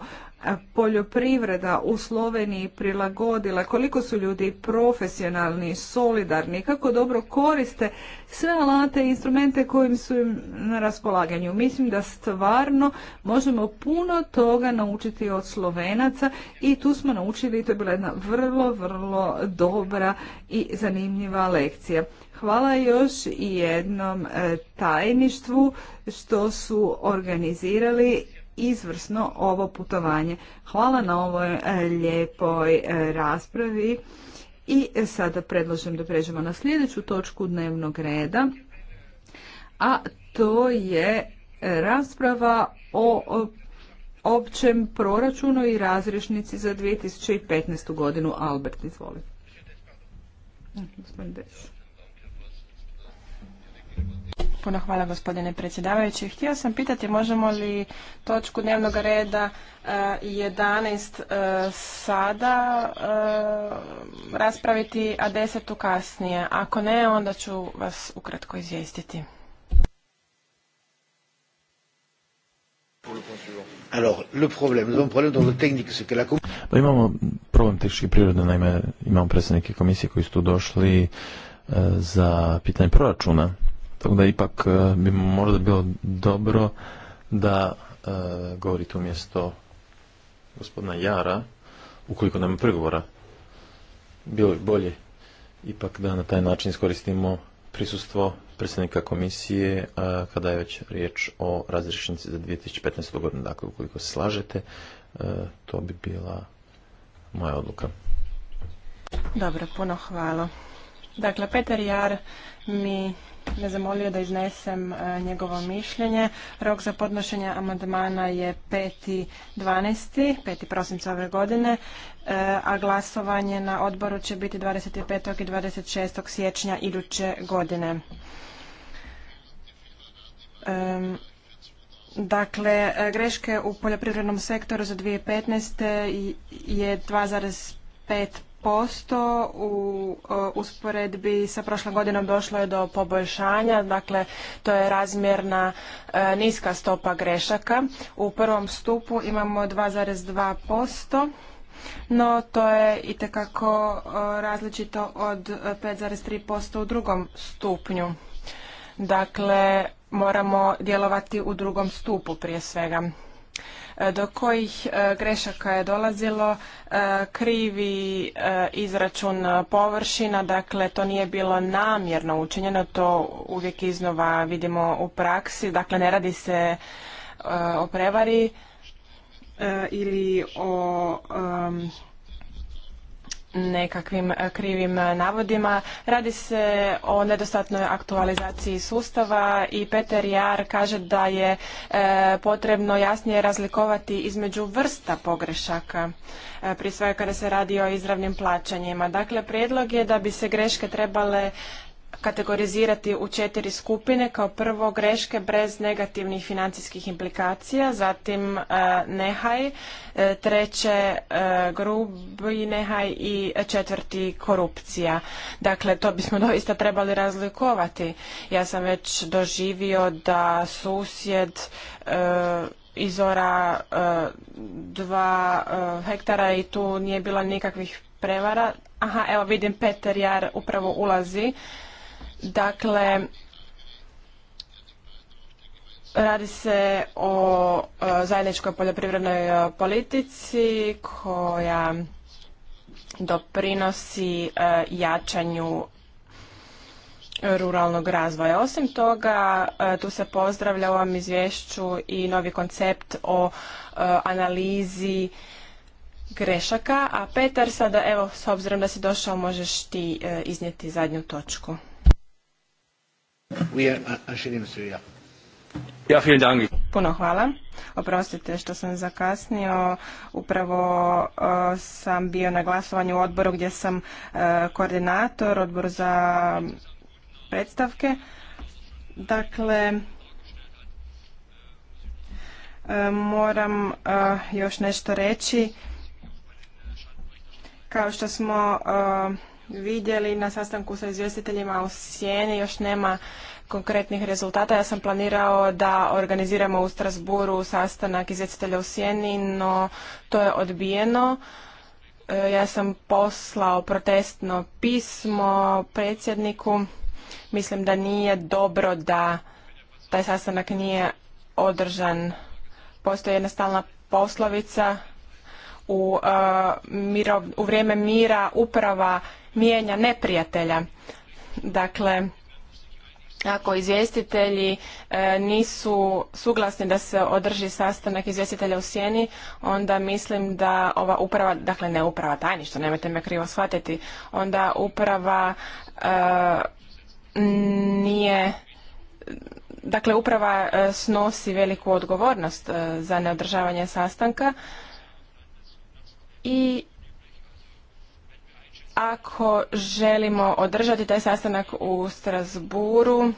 poljoprivreda u Sloveniji prilagodila, koliko su ljudi profesionalni, solidarni, kako dobro koriste sve alate i instrumente kojim su im na raspolaganju. Mislim da stvarno možemo puno toga naučiti od Slovenaca i tu smo naučili, to je bila jedna vrlo, vrlo dobra i zanimljiva lekcija. Hvala još i jednom e, tajništvu što su organizirali izvrsno ovo putovanje. Hvala na ovoj e, lijepoj e, raspravi i sada predlažem da pređemo na sljedeću točku dnevnog reda, a to je rasprava o općem proračunu i razrešnici za 2015. godinu. Albert, izvoli. Puno hvala gospodine predsjedavajući. Htio sam pitati možemo li točku dnevnog reda 11 e, e, sada e, raspraviti, a 10 kasnije. Ako ne, onda ću vas ukratko izvijestiti. Pa imamo problem tehničke prirode, naime imamo predstavnike komisije koji su tu došli za pitanje proračuna. Tako da ipak e, bi možda bilo dobro da e, govorite umjesto gospodina Jara, ukoliko nema pregovora, bilo bi bolje ipak da na taj način iskoristimo prisustvo predsjednika komisije e, kada je već riječ o razrješnici za 2015. godinu. Dakle, ukoliko se slažete, e, to bi bila moja odluka. Dobro, puno hvala. Dakle, Petar Jar mi me zamolio da iznesem e, njegovo mišljenje. Rok za podnošenje amandmana je 5.12. 5. prosinca ove godine, e, a glasovanje na odboru će biti 25. i 26. siječnja iduće godine. Dakle, e, greške u poljoprivrednom sektoru za 2015. je 2,5 posto u e, usporedbi sa prošlom godinom došlo je do poboljšanja, dakle to je razmjerna e, niska stopa grešaka. U prvom stupu imamo 2,2 posto, no to je itekako e, različito od 5,3 posto u drugom stupnju. Dakle, moramo djelovati u drugom stupu prije svega. E, do kojih e, grešaka je dolazilo, e, krivi izračun površina, dakle to nije bilo namjerno učinjeno, to uvijek iznova vidimo u praksi, dakle ne radi se o prevari ili o nekakvim e, krivim e, navodima. Radi se o nedostatnoj aktualizaciji sustava i Peter Jar kaže da je e, potrebno jasnije razlikovati između vrsta pogrešaka, pri prije svega kada se radi o izravnim plaćanjima. Dakle, prijedlog je da bi se greške trebale kategorizirati u četiri skupine. Kao prvo greške bez negativnih financijskih implikacija, zatim e, nehaj, e, treće e, grubi nehaj i četvrti korupcija. Dakle, to bismo doista trebali razlikovati. Ja sam već doživio da susjed izora dva hektara i tu nije bilo nikakvih prevara. Aha, evo vidim Peter Jar upravo ulazi. Dakle, Radi se o e, zajedničkoj poljoprivrednoj e, politici koja doprinosi e, jačanju ruralnog razvoja. Osim toga, tu se pozdravlja u ovom izvješću i novi koncept o analizi grešaka, a Petar sada, evo, s obzirom da si došao, možeš ti iznijeti zadnju točku. Uh, uh, ja, vielen Puno hvala. Oprostite što sam zakasnio. Upravo uh, sam bio na glasovanju u odboru gdje sam koordinator, odbor za predstavke. Dakle, moram još nešto reći. Kao što smo vidjeli na sastanku sa izvjestiteljima u Sijeni još nema konkretnih rezultata. Ja sam planirao da organiziramo u Strasburu sastanak izvjestitelja u Sijeni, no to je odbijeno. E, ja sam poslao protestno pismo predsjedniku. Mislim da nije dobro da taj sastanak nije održan. Postoji jedna stalna poslovica u, e, u vrijeme mira uprava mijenja neprijatelja. Dakle, ako izvjestitelji e, nisu suglasni da se održi sastanak izvjestitelja u sjeni, onda mislim da ova uprava, dakle ne uprava tajništvo, nemojte me krivo shvatiti, onda uprava e, nije, dakle uprava e, snosi veliku odgovornost za neodržavanje sastanka i ako želimo održati taj sastanak u Strasburu,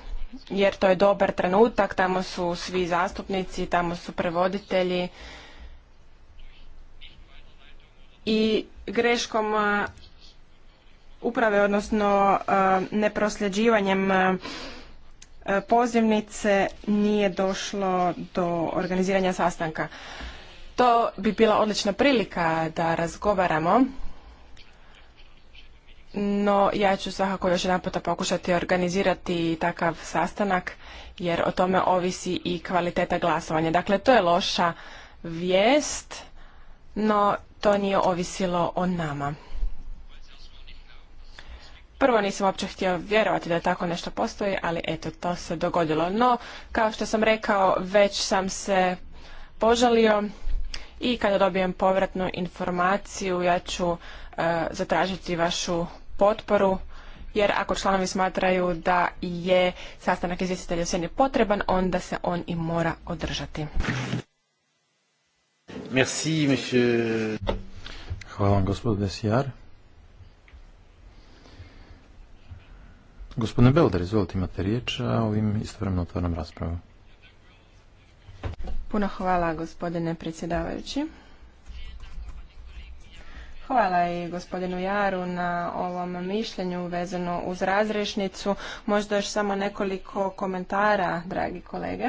jer to je dobar trenutak, tamo su svi zastupnici, tamo su prevoditelji i greškom uprave, odnosno neprosljeđivanjem pozivnice nije došlo do organiziranja sastanka. To bi bila odlična prilika da razgovaramo no ja ću svakako još jedan puta pokušati organizirati takav sastanak jer o tome ovisi i kvaliteta glasovanja. Dakle, to je loša vijest, no to nije ovisilo o nama. Prvo nisam uopće htio vjerovati da tako nešto postoji, ali eto, to se dogodilo. No, kao što sam rekao, već sam se požalio i kada dobijem povratnu informaciju ja ću e, zatražiti vašu potporu jer ako članovi smatraju da je sastanak izvjestitelja u sjeni potreban, onda se on i mora održati. Hvala vam, Gospodine Belder, izvolite imate riječ, a ovim istovremeno otvaram raspravu. Puno hvala, gospodine predsjedavajući. Hvala i gospodinu Jaru na ovom mišljenju vezano uz razrešnicu. Možda još samo nekoliko komentara, dragi kolege.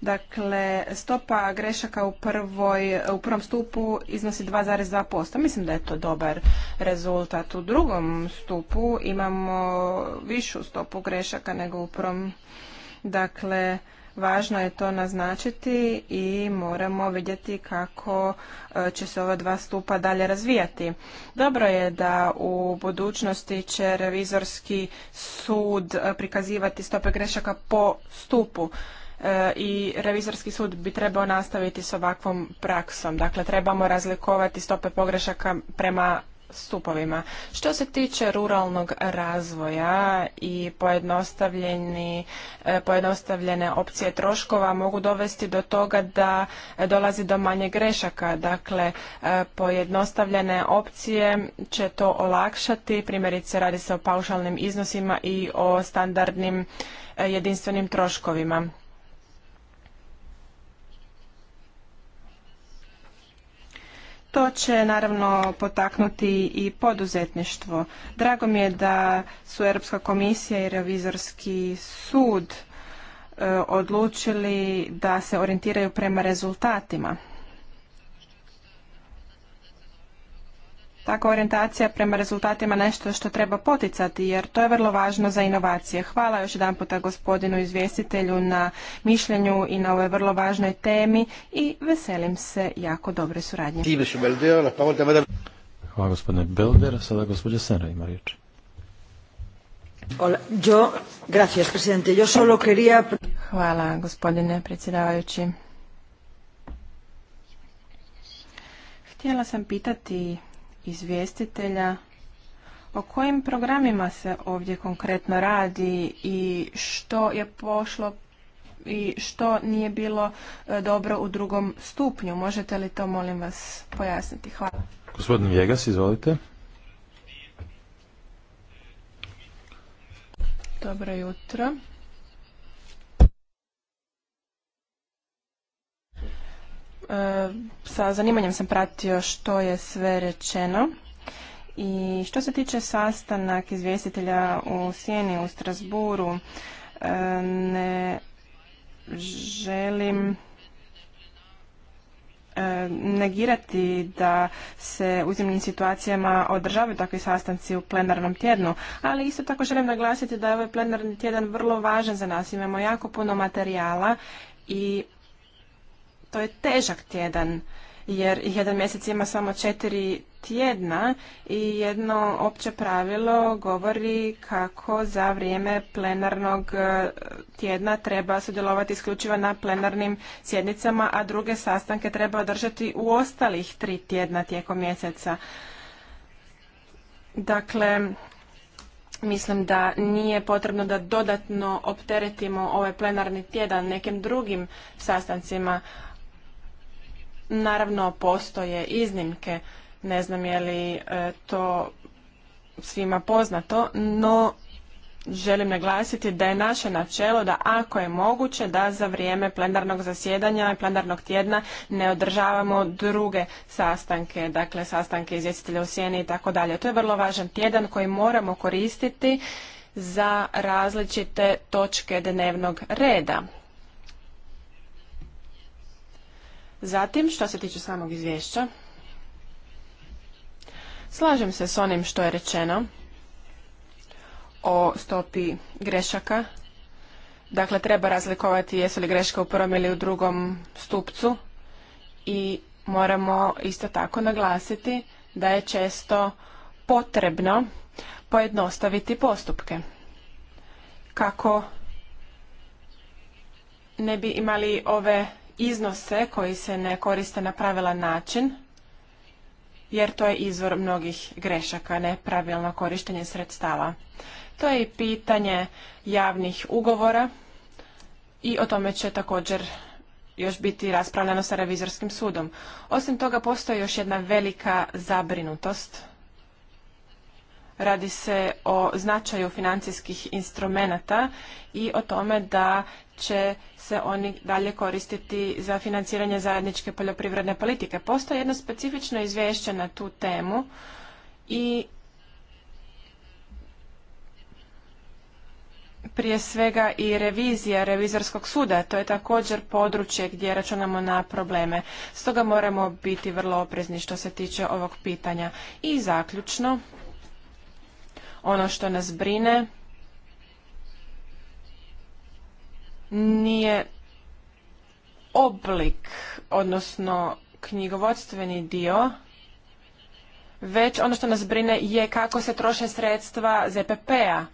Dakle, stopa grešaka u, prvoj, u prvom stupu iznosi 2,2%. Mislim da je to dobar rezultat. U drugom stupu imamo višu stopu grešaka nego u prvom. Dakle, Važno je to naznačiti i moramo vidjeti kako e, će se ova dva stupa dalje razvijati. Dobro je da u budućnosti će revizorski sud e, prikazivati stope grešaka po stupu e, i revizorski sud bi trebao nastaviti s ovakvom praksom. Dakle, trebamo razlikovati stope pogrešaka prema stupovima. Što se tiče ruralnog razvoja i e, pojednostavljene opcije troškova mogu dovesti do toga da dolazi do manje grešaka. Dakle, e, pojednostavljene opcije će to olakšati. Primjerice radi se o paušalnim iznosima i o standardnim e, jedinstvenim troškovima. To će naravno potaknuti i poduzetništvo. Drago mi je da su Europska komisija i revizorski sud e, odlučili da se orijentiraju prema rezultatima. Takva orijentacija prema rezultatima nešto što treba poticati jer to je vrlo važno za inovacije. Hvala još jedan puta gospodinu izvjestitelju na mišljenju i na ovoj vrlo važnoj temi i veselim se jako dobre suradnje. Hvala gospodine Belder, sada gospođa Senra ima riječ. Hvala gospodine predsjedavajući. Htjela sam pitati izvjestitelja o kojim programima se ovdje konkretno radi i što je pošlo i što nije bilo e, dobro u drugom stupnju. Možete li to, molim vas, pojasniti? Hvala. Gospodin Vjegas, izvolite. Dobro jutro. E, sa zanimanjem sam pratio što je sve rečeno. I što se tiče sastanak izvjestitelja u Sjeni u Strasburu, e, ne želim e, negirati da se u zimnim situacijama održavaju takvi sastanci u plenarnom tjednu, ali isto tako želim naglasiti da je ovaj plenarni tjedan vrlo važan za nas. Imamo jako puno materijala i to je težak tjedan jer jedan mjesec ima samo četiri tjedna i jedno opće pravilo govori kako za vrijeme plenarnog e, tjedna treba sudjelovati isključivo na plenarnim sjednicama, a druge sastanke treba održati u ostalih tri tjedna tijekom mjeseca. Dakle, mislim da nije potrebno da dodatno opteretimo ovaj plenarni tjedan nekim drugim sastancima Naravno, postoje iznimke, ne znam je li e, to svima poznato, no želim naglasiti da je naše načelo da ako je moguće da za vrijeme plenarnog zasjedanja i plenarnog tjedna ne održavamo druge sastanke, dakle sastanke izvjestitelja u sjeni i tako dalje. To je vrlo važan tjedan koji moramo koristiti za različite točke dnevnog reda. Zatim, što se tiče samog izvješća, slažem se s onim što je rečeno o stopi grešaka. Dakle, treba razlikovati jesu li greške u prvom ili u drugom stupcu i moramo isto tako naglasiti da je često potrebno pojednostaviti postupke kako ne bi imali ove iznose koji se ne koriste na pravilan način, jer to je izvor mnogih grešaka, nepravilno korištenje sredstava. To je i pitanje javnih ugovora i o tome će također još biti raspravljeno sa revizorskim sudom. Osim toga postoji još jedna velika zabrinutost. Radi se o značaju financijskih instrumenata i o tome da će se oni dalje koristiti za financiranje zajedničke poljoprivredne politike. Postoji jedno specifično izvješće na tu temu i prije svega i revizija revizorskog suda. To je također područje gdje računamo na probleme. Stoga moramo biti vrlo oprezni što se tiče ovog pitanja. I zaključno, ono što nas brine nije oblik, odnosno knjigovodstveni dio, već ono što nas brine je kako se troše sredstva ZPP-a.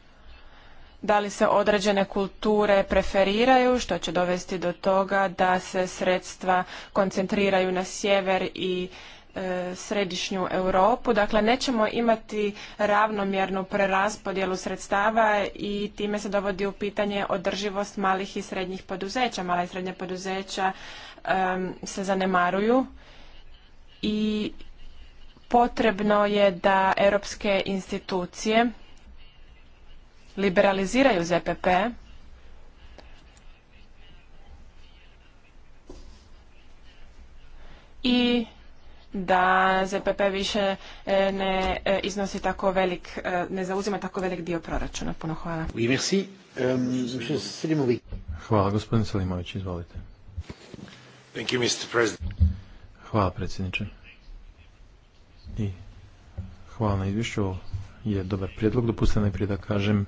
Da li se određene kulture preferiraju, što će dovesti do toga da se sredstva koncentriraju na sjever i E, središnju Europu. Dakle, nećemo imati ravnomjernu preraspodjelu sredstava i time se dovodi u pitanje održivost malih i srednjih poduzeća. Mala i srednja poduzeća se zanemaruju i potrebno je da europske institucije liberaliziraju ZPP i da ZPP više e, ne e, iznosi tako velik, e, ne zauzima tako velik dio proračuna. Puno hvala. Euh, hvala, gospodin Selimović, izvolite. Thank you, Mr. Hvala, predsjedniče. I hvala na izvješću. Je dobar prijedlog. Dopustite najprije da kažem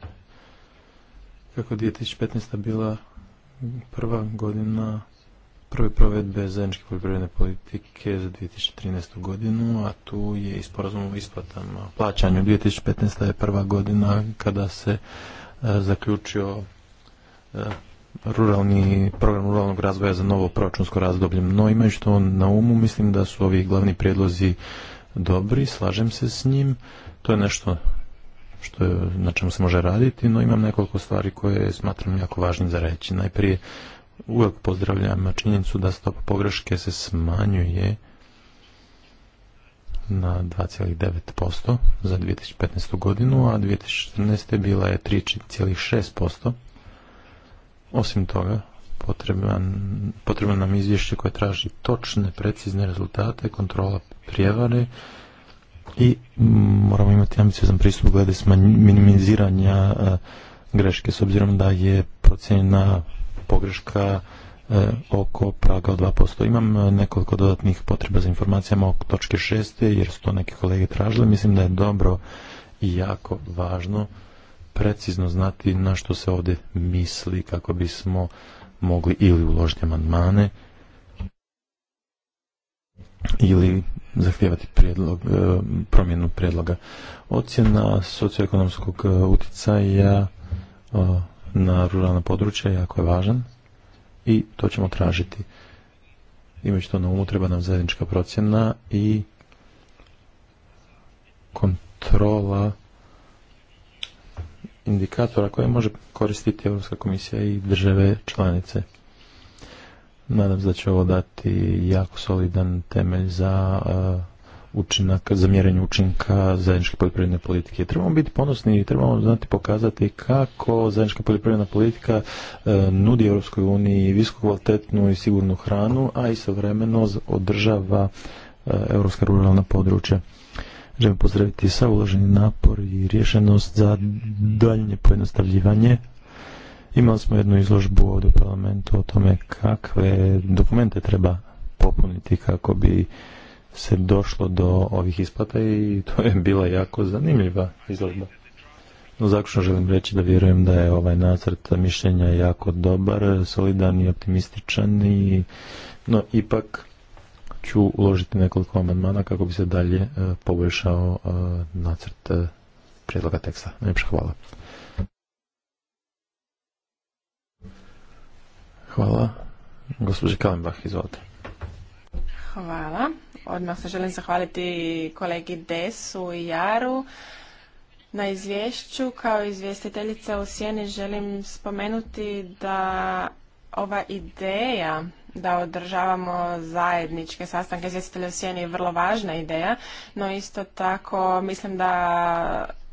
kako 2015. bila prva godina prve provedbe zajedničke poljoprivredne politike za 2013. godinu, a tu je i sporazum o isplatama plaćanju. 2015. je prva godina kada se e, zaključio e, ruralni program ruralnog razvoja za novo proračunsko razdoblje. No imajući to na umu, mislim da su ovi glavni prijedlozi dobri, slažem se s njim. To je nešto što je, na čemu se može raditi, no imam nekoliko stvari koje smatram jako važnim za reći. Najprije uvijek pozdravljam činjenicu da stopa pogreške se smanjuje na 2,9% za 2015. godinu, a 2014. bila je 3,6%. Osim toga, potreban, nam izvješće koje traži točne, precizne rezultate, kontrola prijevare i moramo imati ambiciozan pristup glede minimiziranja eh, greške s obzirom da je procjena pogreška e, oko praga od 2%. Imam e, nekoliko dodatnih potreba za informacijama oko točke 6. jer su to neke kolege tražile. Mislim da je dobro i jako važno precizno znati na što se ovdje misli kako bismo mogli ili uložiti amandmane ili zahtijevati prijedlog, e, promjenu prijedloga. Ocjena socioekonomskog utjecaja na ruralna područja jako je važan i to ćemo tražiti. Imajući to na umu, treba nam zajednička procjena i kontrola indikatora koje može koristiti Europska komisija i države članice. Nadam se da će ovo dati jako solidan temelj za učinaka, za mjerenje učinka zajedničke poljoprivredne politike. Trebamo biti ponosni i trebamo znati pokazati kako zajednička poljoprivredna politika e, nudi Europskoj uniji visoko i sigurnu hranu, a istovremeno održava e, europska ruralna područja. Želim pozdraviti sa uloženi napor i rješenost za daljnje pojednostavljivanje Imali smo jednu izložbu ovdje u parlamentu o tome kakve dokumente treba popuniti kako bi se došlo do ovih isplata i to je bila jako zanimljiva izgleda. No, zaključno želim reći da vjerujem da je ovaj nacrt mišljenja jako dobar, solidan i optimističan i no ipak ću uložiti nekoliko amandmana kako bi se dalje e, poboljšao e, nacrt e, prijedloga teksta. Najljepša hvala. Hvala. Gospodin Kalenbach, izvolite. Hvala. Odmah se želim zahvaliti kolegi Desu i Jaru na izvješću. Kao izvjestiteljica u Sjeni želim spomenuti da ova ideja da održavamo zajedničke sastanke izvjestitelja u Sjeni je vrlo važna ideja, no isto tako mislim da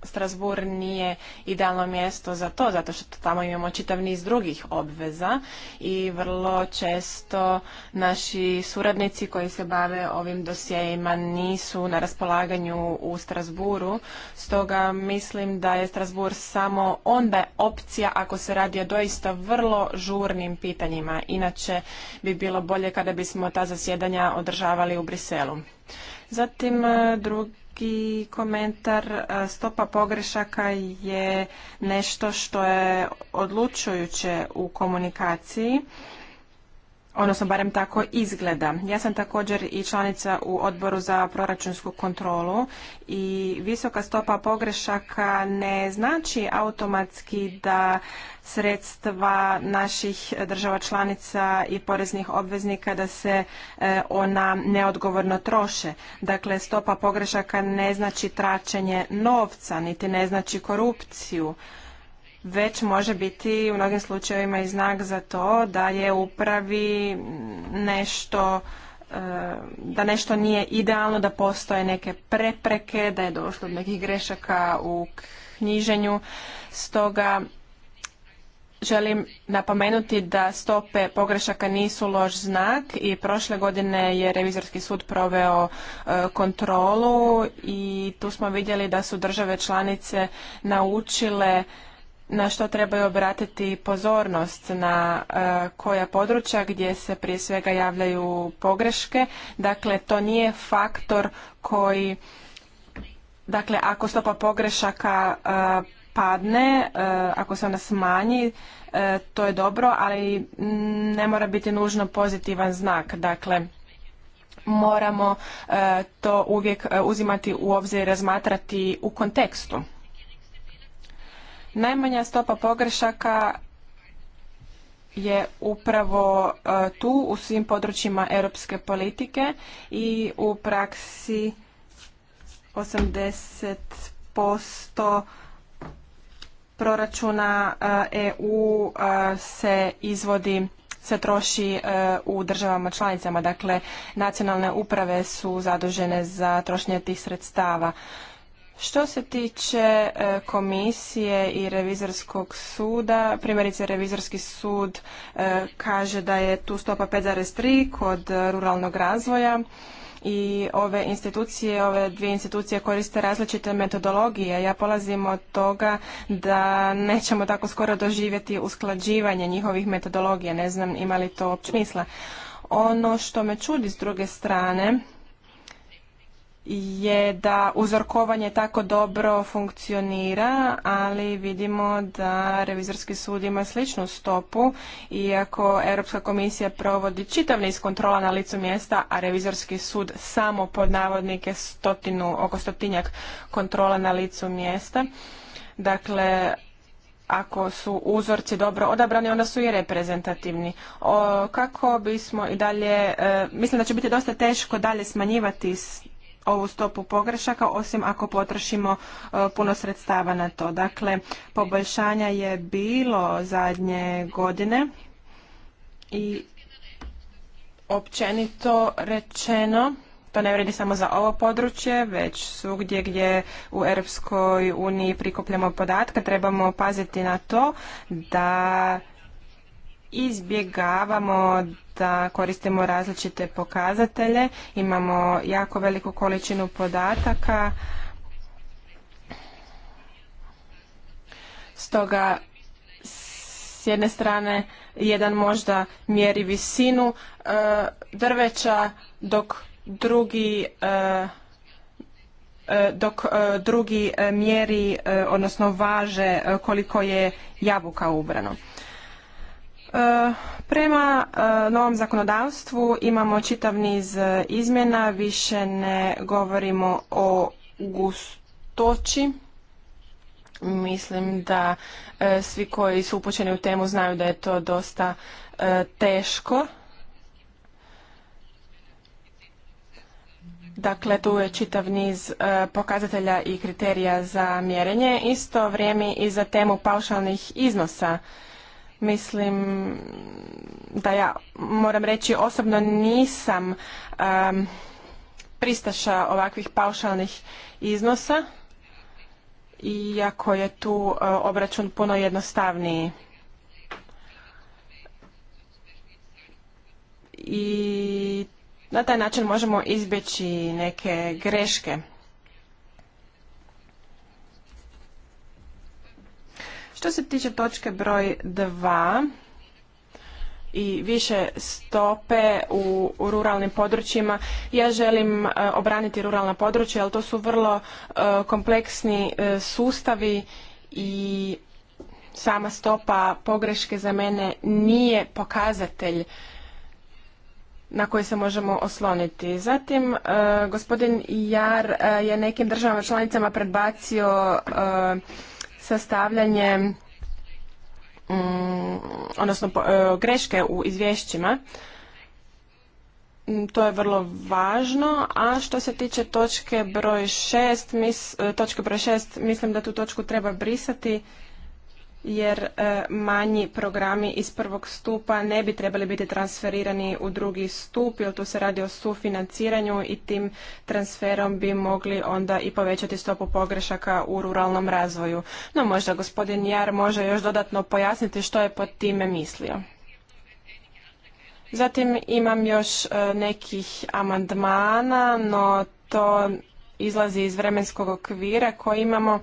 Strasbur nije idealno mjesto za to, zato što tamo imamo čitav niz drugih obveza i vrlo često naši suradnici koji se bave ovim dosjejima nisu na raspolaganju u Strasburu. Stoga mislim da je Strasbur samo onda opcija ako se radi o doista vrlo žurnim pitanjima. Inače bi bilo bolje kada bismo ta zasjedanja održavali u Briselu. Zatim eh, drugi kratki komentar. Stopa pogrešaka je nešto što je odlučujuće u komunikaciji odnosno barem tako izgleda. Ja sam također i članica u odboru za proračunsku kontrolu i visoka stopa pogrešaka ne znači automatski da sredstva naših država članica i poreznih obveznika da se e, ona neodgovorno troše. Dakle, stopa pogrešaka ne znači tračenje novca, niti ne znači korupciju već može biti u mnogim slučajevima i znak za to da je upravi nešto e, da nešto nije idealno, da postoje neke prepreke, da je došlo do nekih grešaka u knjiženju. Stoga želim napomenuti da stope pogrešaka nisu loš znak i prošle godine je revizorski sud proveo e, kontrolu i tu smo vidjeli da su države članice naučile na što trebaju obratiti pozornost na e, koja područja gdje se prije svega javljaju pogreške. Dakle, to nije faktor koji, dakle, ako stopa pogrešaka e, padne, e, ako se ona smanji, to je dobro, ali ne mora biti nužno pozitivan znak. Dakle, moramo to uvijek uzimati u obzir i razmatrati u kontekstu. Najmanja stopa pogrešaka je upravo e, tu u svim područjima europske politike i u praksi 80% proračuna e, EU e, se izvodi se troši u državama članicama. Dakle, nacionalne uprave su zadužene za trošenje tih sredstava. Što se tiče e, komisije i revizorskog suda, primjerice revizorski sud e, kaže da je tu stopa 5,3 kod ruralnog razvoja i ove institucije, ove dvije institucije koriste različite metodologije. Ja polazim od toga da nećemo tako skoro doživjeti usklađivanje njihovih metodologija. Ne znam ima li to uopće smisla. Ono što me čudi s druge strane je da uzorkovanje tako dobro funkcionira, ali vidimo da revizorski sud ima sličnu stopu, iako Europska komisija provodi čitav niz kontrola na licu mjesta, a revizorski sud samo pod navodnike stotinu, oko stotinjak kontrola na licu mjesta. Dakle, ako su uzorci dobro odabrani, onda su i reprezentativni. kako bismo i dalje, e, mislim da će biti dosta teško dalje smanjivati ovu stopu pogrešaka, osim ako potrošimo e, puno sredstava na to. Dakle, poboljšanja je bilo zadnje godine i općenito rečeno, to ne vredi samo za ovo područje, već svugdje gdje u Europskoj uniji prikupljamo podatke, trebamo paziti na to da izbjegavamo da koristimo različite pokazatelje. Imamo jako veliku količinu podataka. Stoga s jedne strane jedan možda mjeri visinu e, drveća dok drugi e, e, dok drugi mjeri odnosno važe koliko je jabuka ubrano. E, prema e, novom zakonodavstvu imamo čitav niz e, izmjena, više ne govorimo o gustoći. Mislim da svi koji su upućeni u temu znaju da je to dosta teško. Dakle, tu je čitav niz pokazatelja i kriterija za mjerenje. Isto vrijeme i za temu paušalnih iznosa mislim da ja moram reći osobno nisam um, pristaša ovakvih paušalnih iznosa iako je tu e, obračun puno jednostavniji i na taj način možemo izbjeći neke greške Što se tiče točke broj 2 i više stope u, ruralnim područjima, ja želim e, obraniti ruralna područja, ali to su vrlo e, kompleksni e, sustavi i sama stopa pogreške za mene nije pokazatelj na koji se možemo osloniti. Zatim, gospodin Jar je nekim državama članicama predbacio sastavljanje mm, odnosno e, greške u izvješćima. Mm, to je vrlo važno, a što se tiče točke broj 6, mis, e, točke broj 6, mislim da tu točku treba brisati jer e, manji programi iz prvog stupa ne bi trebali biti transferirani u drugi stup, jer tu se radi o sufinanciranju i tim transferom bi mogli onda i povećati stopu pogrešaka u ruralnom razvoju. No možda gospodin Jar može još dodatno pojasniti što je pod time mislio. Zatim imam još e, nekih amandmana, no to izlazi iz vremenskog okvira koji imamo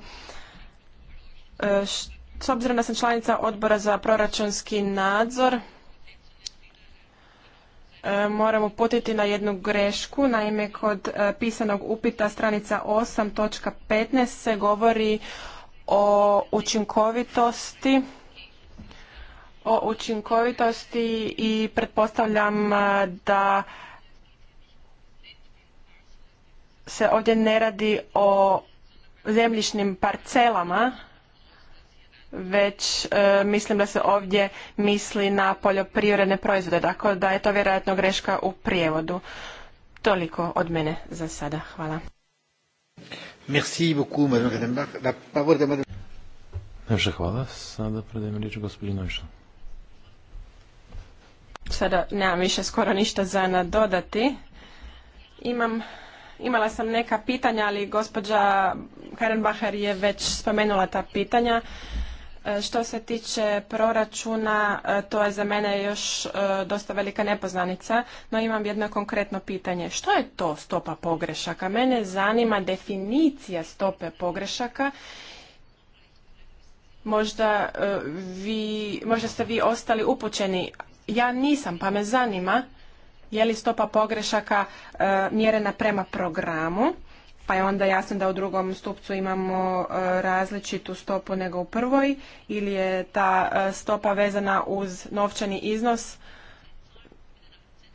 što e, s obzirom da sam članica odbora za proračunski nadzor, e, moram uputiti na jednu grešku. Naime, kod e, pisanog upita stranica 8.15 se govori o učinkovitosti o učinkovitosti i pretpostavljam e, da se ovdje ne radi o zemljišnim parcelama već e, mislim da se ovdje misli na poljoprivredne proizvode, tako da je to vjerojatno greška u prijevodu. Toliko od mene za sada. Hvala. Merci beaucoup, madame hvala. Sada predajem riječ gospodinu Sada nemam više skoro ništa za nadodati. Imam imala sam neka pitanja, ali gospođa Karen Bahar je već spomenula ta pitanja. E, što se tiče proračuna, e, to je za mene još e, dosta velika nepoznanica, no imam jedno konkretno pitanje. Što je to stopa pogrešaka? Mene zanima definicija stope pogrešaka možda vi, možda ste vi ostali upućeni. Ja nisam, pa me zanima je li stopa pogrešaka mjerena prema programu pa je onda jasno da u drugom stupcu imamo e, različitu stopu nego u prvoj ili je ta e, stopa vezana uz novčani iznos.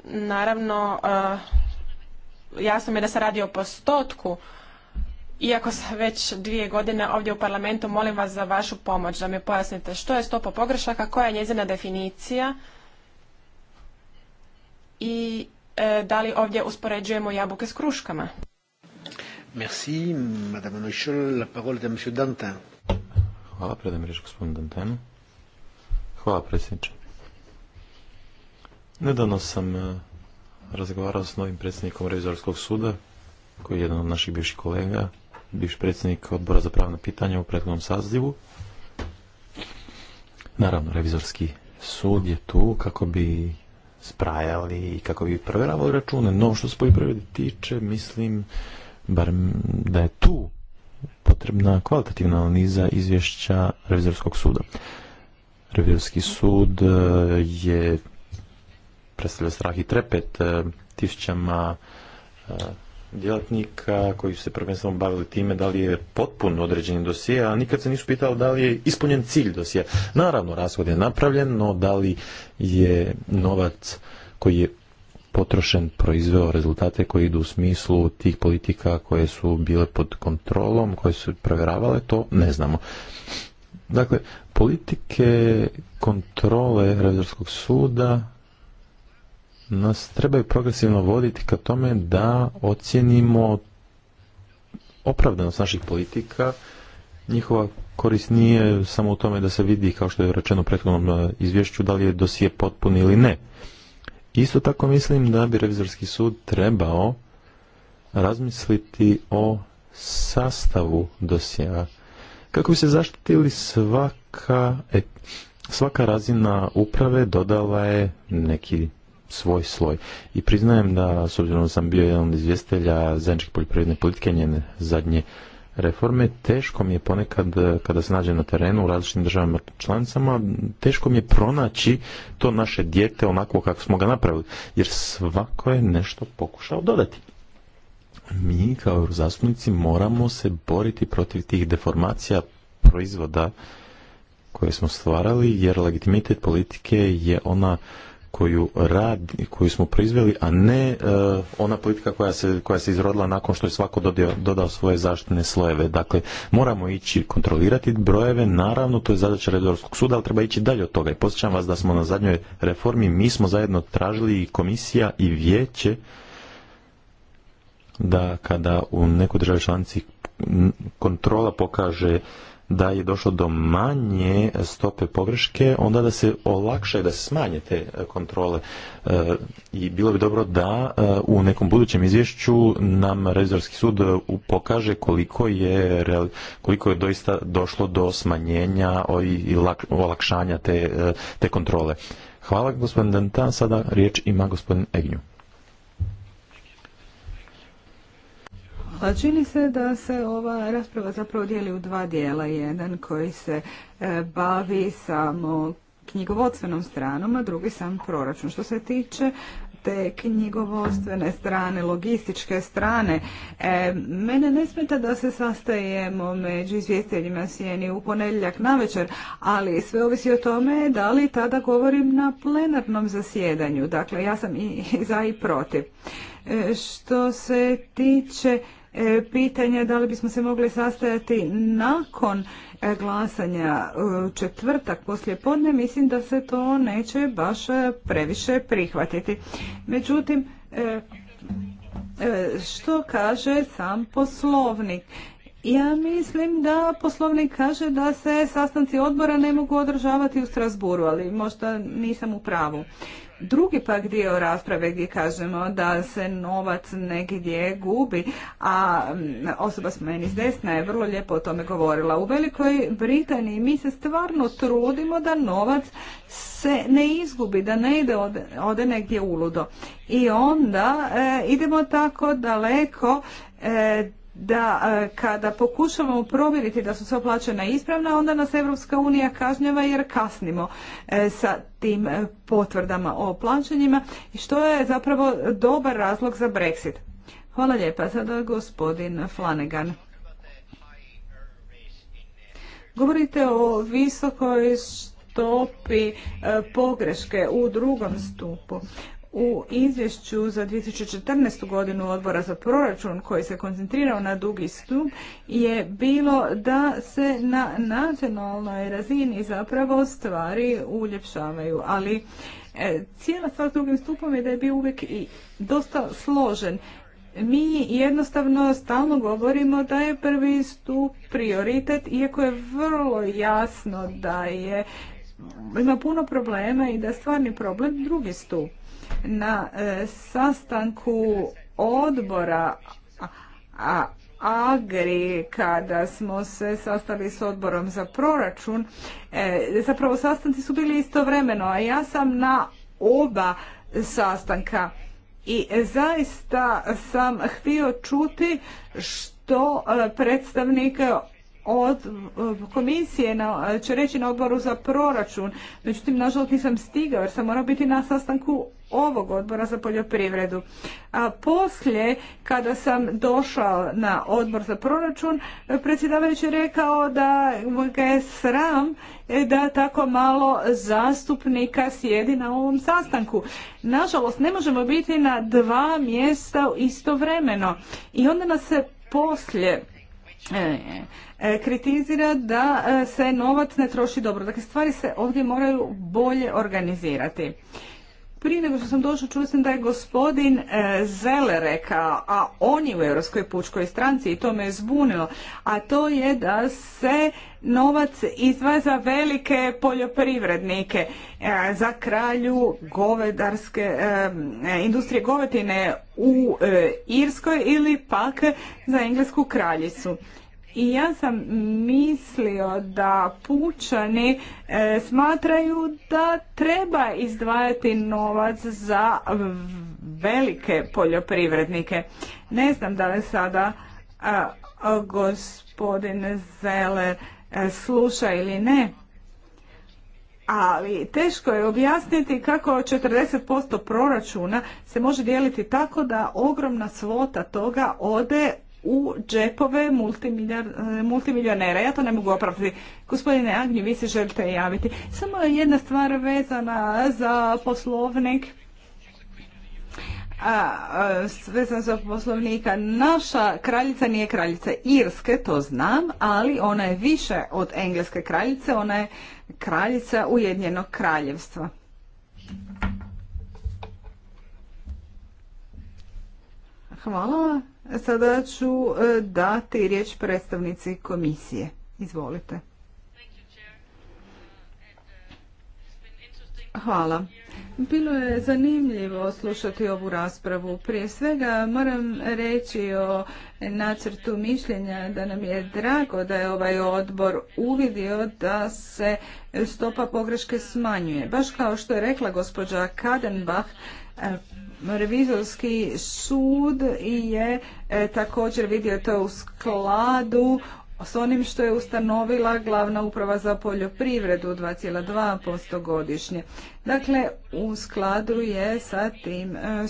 Naravno, e, jasno mi je da se radi o postotku, iako sam već dvije godine ovdje u parlamentu, molim vas za vašu pomoć, da mi pojasnite što je stopa pogrešaka, koja je njezina definicija i da li ovdje uspoređujemo jabuke s kruškama. Merci, madame La Hvala, predam gospodinu Hvala, predsjedniče. Nedavno sam e, razgovarao s novim predsjednikom Revizorskog suda, koji je jedan od naših bivših kolega, bivš predsjednik odbora za pravna pitanja u prethodnom sazivu. Naravno, Revizorski sud je tu kako bi sprajali i kako bi provjeravali račune. No, što se poljoprivredi tiče, mislim bar da je tu potrebna kvalitativna analiza izvješća revizorskog suda. Revizorski sud e, je predstavljao strah i trepet e, tisućama e, djelatnika koji su se prvenstveno bavili time da li je potpuno određeni dosije, a nikad se nisu pitali da li je ispunjen cilj dosije. Naravno, rashod je napravljen, no da li je novac koji je potrošen proizveo rezultate koji idu u smislu tih politika koje su bile pod kontrolom, koje su provjeravale, to ne znamo. Dakle, politike kontrole revizorskog suda nas trebaju progresivno voditi ka tome da ocjenimo opravdanost naših politika. Njihova korist nije samo u tome da se vidi, kao što je rečeno u prethodnom e, izvješću, da li je dosije potpun ili ne. Isto tako mislim da bi revizorski sud trebao razmisliti o sastavu dosjea kako bi se zaštitili svaka e, svaka razina uprave dodala je neki svoj sloj. I priznajem da, s obzirom sam bio jedan od izvjestelja zajedničke poljoprivredne politike, njene zadnje reforme, teško mi je ponekad eh, kada se nađe na terenu u različitim državama članicama, teško mi je pronaći to naše dijete onako kako smo ga napravili, jer svako je nešto pokušao dodati. Mi kao zastupnici moramo se boriti protiv tih deformacija proizvoda koje smo stvarali, jer legitimitet politike je ona koju, radi, koju smo proizveli, a ne e, ona politika koja se, koja se izrodila nakon što je svako dodao svoje zaštitne slojeve. Dakle, moramo ići kontrolirati brojeve, naravno, to je zadaća Redorskog suda, ali treba ići dalje od toga. I posjećam vas da smo na zadnjoj reformi, mi smo zajedno tražili i komisija i vijeće da kada u nekoj državi članici kontrola pokaže da je došlo do manje stope pogreške, onda da se olakša i da se smanje te e, kontrole. E, I bilo bi dobro da e, u nekom budućem izvješću nam revizorski sud pokaže koliko je, koliko je doista došlo do smanjenja i olakšanja te, te kontrole. Hvala gospodin Dantan, sada riječ ima gospodin Egnju. Čini se da se ova rasprava zapravo dijeli u dva dijela. Jedan koji se e, bavi samo knjigovodstvenom stranom, a drugi sam proračun. Što se tiče te knjigovodstvene strane, logističke strane. E, mene ne smeta da se sastajemo među izvjestiteljima sjeni u ponedjeljak večer, ali sve ovisi o tome da li tada govorim na plenarnom zasjedanju. Dakle, ja sam i za i protiv. E, što se tiče E, pitanje da li bismo se mogli sastajati nakon e, glasanja e, četvrtak poslije podne, mislim da se to neće baš previše prihvatiti. Međutim, što kaže sam poslovnik? Ja mislim da poslovnik kaže da se sastanci odbora ne mogu održavati u Strasburu, ali možda nisam u pravu drugi pak dio rasprave gdje kažemo da se novac negdje gubi, a osoba s meni s desna je vrlo lijepo o tome govorila. U Velikoj Britaniji mi se stvarno trudimo da novac se ne izgubi, da ne ide ode, ode negdje uludo. I onda e, idemo tako daleko e, da e, kada pokušavamo provjeriti da su sva plaćena ispravna, onda nas Europska unija kažnjava jer kasnimo e, sa tim e, potvrdama o plaćanjima, i što je zapravo dobar razlog za Brexit. Hvala lijepa. Sada gospodin Flanagan. Govorite o visokoj stopi pogreške u drugom stupu. U izvješću za 2014. godinu odbora za proračun koji se koncentrirao na dugi stup je bilo da se na nacionalnoj razini zapravo stvari uljepšavaju, ali e, cijela stvar s drugim stupom je da je bio uvijek i dosta složen. Mi jednostavno stalno govorimo da je prvi stup prioritet, iako je vrlo jasno da je ima puno problema i da je stvarni problem drugi stup na e, sastanku odbora a Agri kada smo se sastali s odborom za proračun, e, zapravo sastanci su bili istovremeno, a ja sam na oba sastanka i zaista sam htio čuti što e, predstavnik od e, komisije na, će reći na odboru za proračun. Međutim, nažalost nisam stigao jer sam morao biti na sastanku ovog odbora za poljoprivredu. A poslije, kada sam došao na odbor za proračun, predsjedavajući je rekao da ga je sram e, da tako malo zastupnika sjedi na ovom sastanku. Nažalost, ne možemo biti na dva mjesta istovremeno. I onda nas se poslije E, e, kritizira da e, se novac ne troši dobro. Dakle, stvari se ovdje moraju bolje organizirati. Prije nego što sam došla čula sam da je gospodin e, Zele rekao, a on je u Europskoj pučkoj stranci i to me je zbunilo, a to je da se novac izdvaja za velike poljoprivrednike, e, za kralju govedarske e, industrije govetine u Irskoj ili pak za englesku kraljicu. I ja sam mislio da pučani e, smatraju da treba izdvajati novac za velike poljoprivrednike. Ne znam da li sada gospodin Zeller e, sluša ili ne, ali teško je objasniti kako 40% proračuna se može dijeliti tako da ogromna svota toga ode u džepove multimiljonera. E, ja to ne mogu opraviti. Gospodine Agnju, vi se želite javiti. Samo jedna stvar vezana za poslovnik. A, vezano za poslovnika, naša kraljica nije kraljica Irske, to znam, ali ona je više od engleske kraljice, ona je kraljica Ujedinjenog kraljevstva. Hvala Sada ću e, dati riječ predstavnici komisije. Izvolite. Hvala. Bilo je zanimljivo slušati ovu raspravu. Prije svega moram reći o nacrtu mišljenja da nam je drago da je ovaj odbor uvidio da se stopa pogreške smanjuje. Baš kao što je rekla gospođa Kadenbach, E, revizorski sud je e, također vidio to u skladu s onim što je ustanovila glavna uprava za poljoprivredu 2,2% godišnje. Dakle, u skladu je sa tim e,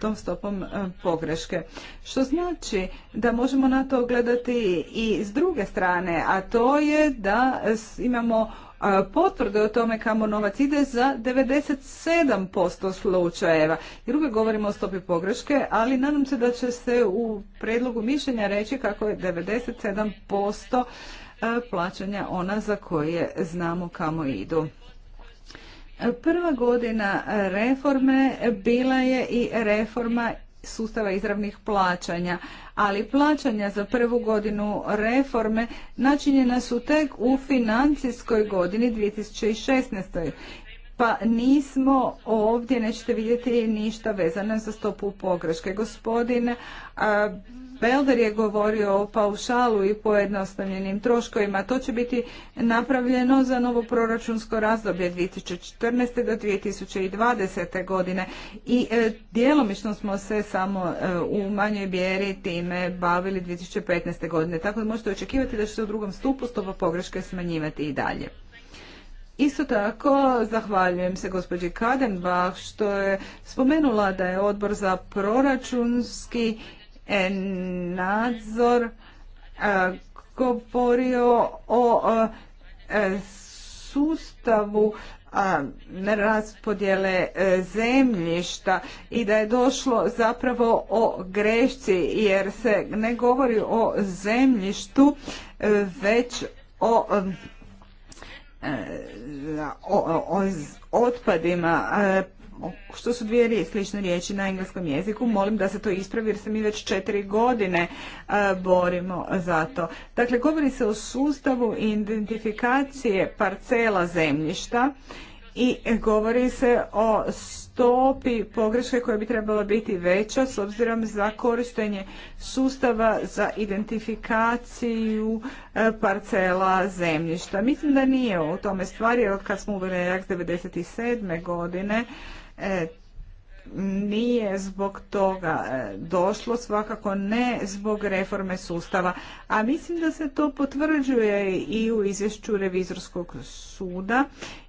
tom stopom pogreške. Što znači da možemo na to gledati i s druge strane, a to je da imamo potvrde o tome kamo novac ide za 97% slučajeva. Jer uvijek govorimo o stopi pogreške, ali nadam se da će se u predlogu mišljenja reći kako je 97% plaćanja ona za koje znamo kamo idu. Prva godina reforme bila je i reforma sustava izravnih plaćanja, ali plaćanja za prvu godinu reforme načinjena su tek u financijskoj godini 2016. Pa nismo ovdje, nećete vidjeti ništa vezano za stopu pogreške. Gospodin Belder je govorio o paušalu i pojednostavljenim troškovima. To će biti napravljeno za novo proračunsko razdoblje 2014. do 2020. godine i e, djelomično smo se samo e, u manjoj bjeri time bavili 2015. godine. Tako da možete očekivati da će se u drugom stupu stopa pogreške smanjivati i dalje. Isto tako, zahvaljujem se gospođi Kadenbach što je spomenula da je odbor za proračunski E, nadzor e, govorio o e, sustavu raspodjele zemljišta i da je došlo zapravo o grešci jer se ne govori o zemljištu već o, otpadima što su dvije slične riječi na engleskom jeziku. Molim da se to ispravi jer se mi već četiri godine e, borimo za to. Dakle, govori se o sustavu identifikacije parcela zemljišta i govori se o stopi pogreške koja bi trebala biti veća s obzirom za korištenje sustava za identifikaciju e, parcela zemljišta. Mislim da nije u tome stvari, jer od kad smo uveli 1997. godine, E, nije zbog toga e, došlo, svakako ne zbog reforme sustava. A mislim da se to potvrđuje i u izvješću revizorskog suda,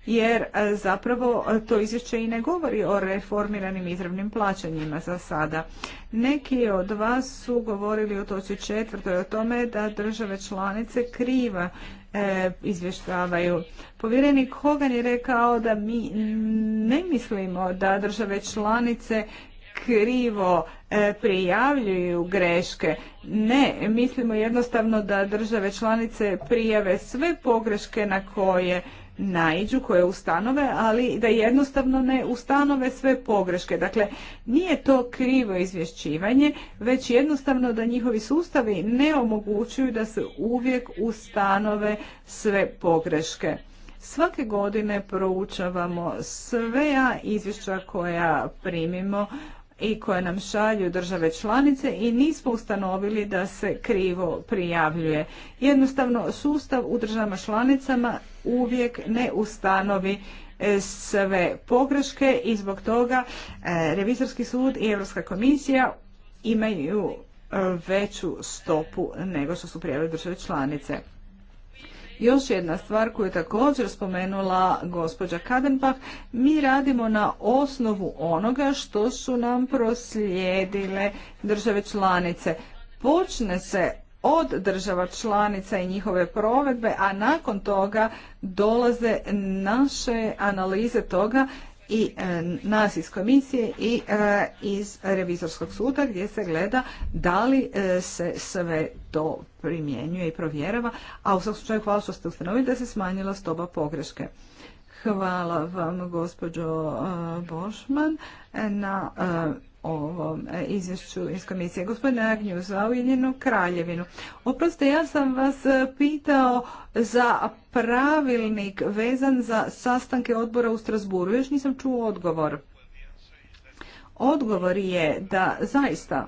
jer e, zapravo to izvješće i ne govori o reformiranim izravnim plaćanjima za sada. Neki od vas su govorili o toči četvrtoj o tome da države članice kriva e, izvještavaju. Povjerenik Hogan je rekao da mi ne mislimo da države članice krivo e, prijavljuju greške. Ne, mislimo jednostavno da države članice prijave sve pogreške na koje naiđu, koje ustanove, ali da jednostavno ne ustanove sve pogreške. Dakle, nije to krivo izvješćivanje, već jednostavno da njihovi sustavi ne omogućuju da se uvijek ustanove sve pogreške. Svake godine proučavamo sve izvješća koja primimo i koje nam šalju države članice i nismo ustanovili da se krivo prijavljuje. Jednostavno, sustav u državama članicama uvijek ne ustanovi e, sve pogreške i zbog toga e, Revizorski sud i Europska komisija imaju e, veću stopu nego što su prijavili države članice. Još jedna stvar koju je također spomenula gospođa Kadenbach, mi radimo na osnovu onoga što su nam proslijedile države članice. Počne se od država članica i njihove provedbe, a nakon toga dolaze naše analize toga i e, nas iz komisije i e, iz revizorskog suda gdje se gleda da li e, se sve to primjenjuje i provjerava, a u svakom slučaju hvala što ste ustanovili da se smanjila stopa pogreške. Hvala vam gospođo Bošman na ovom e, izvješću iz komisije. Gospodine Agnju, za Ujedinjenu kraljevinu. Oprostite, ja sam vas e, pitao za pravilnik vezan za sastanke odbora u Strasburu. Još nisam čuo odgovor. Odgovor je da zaista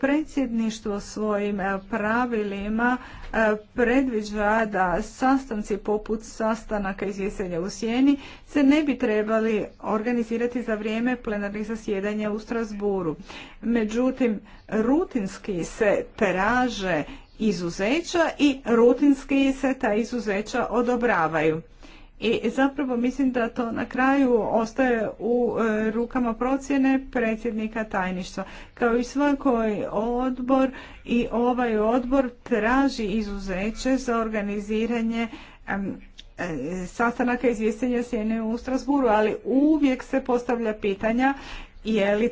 Predsjedništvo svojim e, pravilima e, predviđa da sastanci poput sastanaka Jesenja u Sjeni se ne bi trebali organizirati za vrijeme plenarnih zasjedanja u Strasburu. Međutim, rutinski se traže izuzeća i rutinski se ta izuzeća odobravaju. I zapravo mislim da to na kraju ostaje u e, rukama procjene predsjednika tajništva. Kao i svakoj odbor i ovaj odbor traži izuzeće za organiziranje e, sastanaka izvjestenja sjene u Strasburu, ali uvijek se postavlja pitanja je li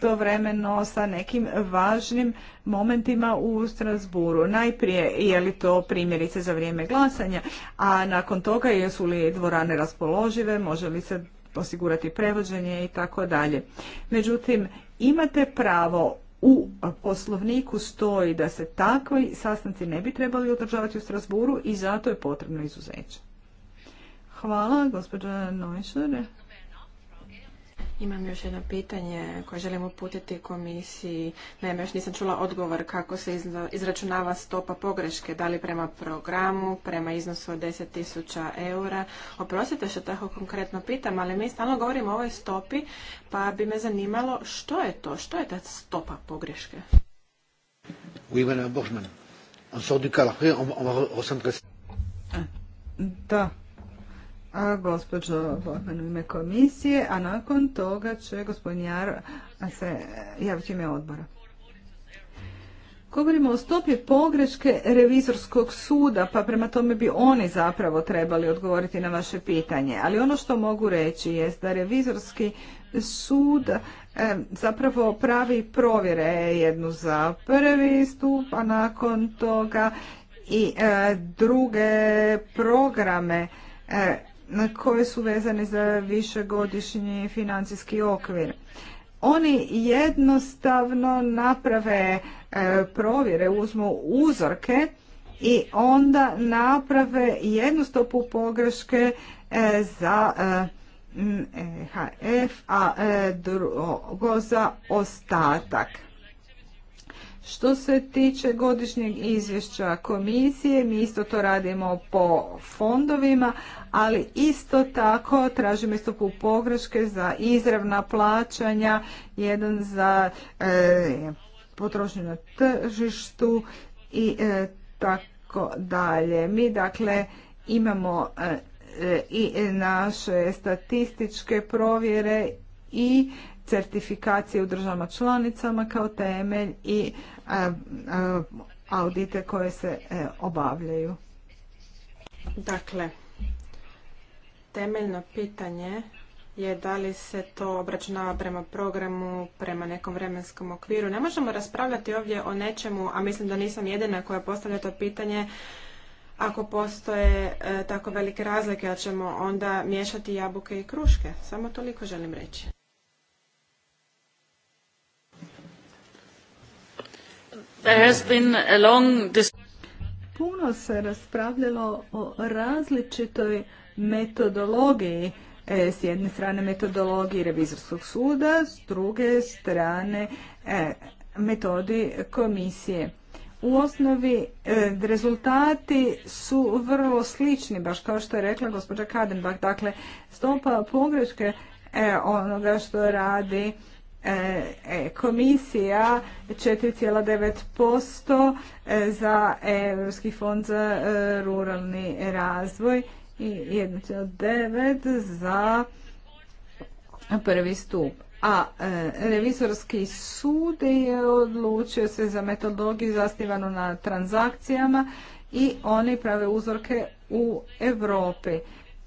to vremeno sa nekim važnim momentima u Strasburu. Najprije je li to primjerice za vrijeme glasanja, a nakon toga jesu li dvorane raspoložive, može li se osigurati prevođenje i tako dalje. Međutim, imate pravo u poslovniku stoji da se takvi sastanci ne bi trebali održavati u Strasburu i zato je potrebno izuzeće. Hvala, gospođa Nojšer. Imam još jedno pitanje koje želim uputiti komisiji. Naime, još nisam čula odgovor kako se izračunava stopa pogreške, da li prema programu, prema iznosu od 10.000 eura. Oprostite što tako konkretno pitam, ali mi stalno govorimo o ovoj stopi, pa bi me zanimalo što je to, što je ta stopa pogreške? on va recentrer. Da, a gospođo u ime komisije, a nakon toga će gospodin Jar se javiti ime odbora. Govorimo o stopi pogreške revizorskog suda, pa prema tome bi oni zapravo trebali odgovoriti na vaše pitanje. Ali ono što mogu reći jest da revizorski sud zapravo pravi provjere jednu za prvi stup, a nakon toga i e, druge programe e, koje su vezane za višegodišnji financijski okvir. Oni jednostavno naprave e, provjere, uzmu uzorke i onda naprave jednu stopu pogreške e, za e, HF, a drugo za ostatak. Što se tiče godišnjeg izvješća komisije, mi isto to radimo po fondovima, ali isto tako tražimo istopu pogreške za izravna plaćanja, jedan za e, potrošnju na tržištu i e, tako dalje. Mi dakle imamo e, i naše statističke provjere i certifikacije u državama članicama kao temelj i e, audite koje se obavljaju. Dakle, temeljno pitanje je da li se to obračunava prema programu, prema nekom vremenskom okviru. Ne možemo raspravljati ovdje o nečemu, a mislim da nisam jedina koja postavlja to pitanje, ako postoje e, tako velike razlike, da ćemo onda miješati jabuke i kruške. Samo toliko želim reći. Puno se raspravljalo o različitoj metodologiji e, s jedne strane metodologiji revizorskog suda, s druge strane e, metodi komisije. U osnovi e, rezultati su vrlo slični, baš kao što je rekla gospođa Kadenbach. Dakle, stopa pogreške onoga što radi komisija 4,9% za Europski fond za ruralni razvoj i devet za prvi stup. A e, revizorski sud je odlučio se za metodologiju zasnivanu na transakcijama i oni prave uzorke u Europi.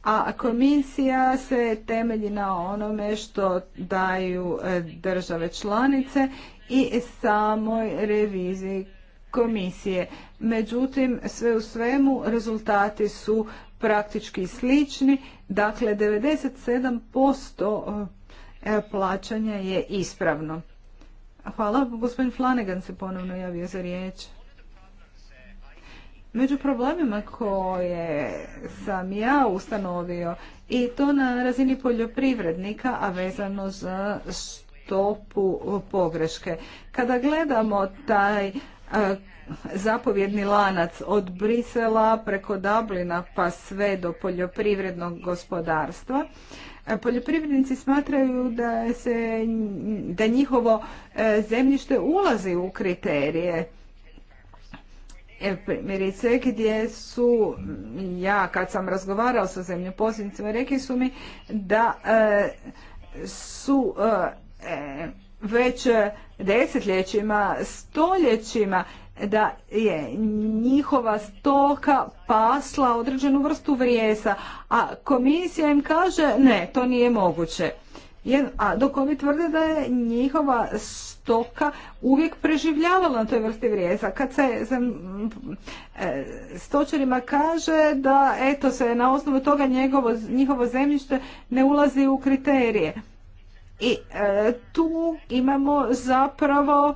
A komisija se temelji na onome što daju e, države članice i samoj reviziji komisije. Međutim, sve u svemu rezultati su praktički slični. Dakle, 97% e, plaćanja je ispravno. Hvala. Gospodin Flanagan se ponovno javio za riječ. Među problemima koje sam ja ustanovio i to na razini poljoprivrednika, a vezano za stopu pogreške. Kada gledamo taj e, zapovjedni lanac od Brisela preko Dublina pa sve do poljoprivrednog gospodarstva. E, Poljoprivrednici smatraju da, se, da njihovo e, zemljište ulazi u kriterije. E, primjerice gdje su, ja kad sam razgovarao sa zemljoposljednicima, rekli su mi da su već desetljećima, stoljećima da je njihova stoka pasla određenu vrstu vrijesa, a komisija im kaže ne, to nije moguće. A dok oni tvrde da je njihova stoka uvijek preživljavala na toj vrsti vrijesa. Kad se e, stočarima kaže da eto se na osnovu toga njegovo, njihovo zemljište ne ulazi u kriterije. I e, tu imamo zapravo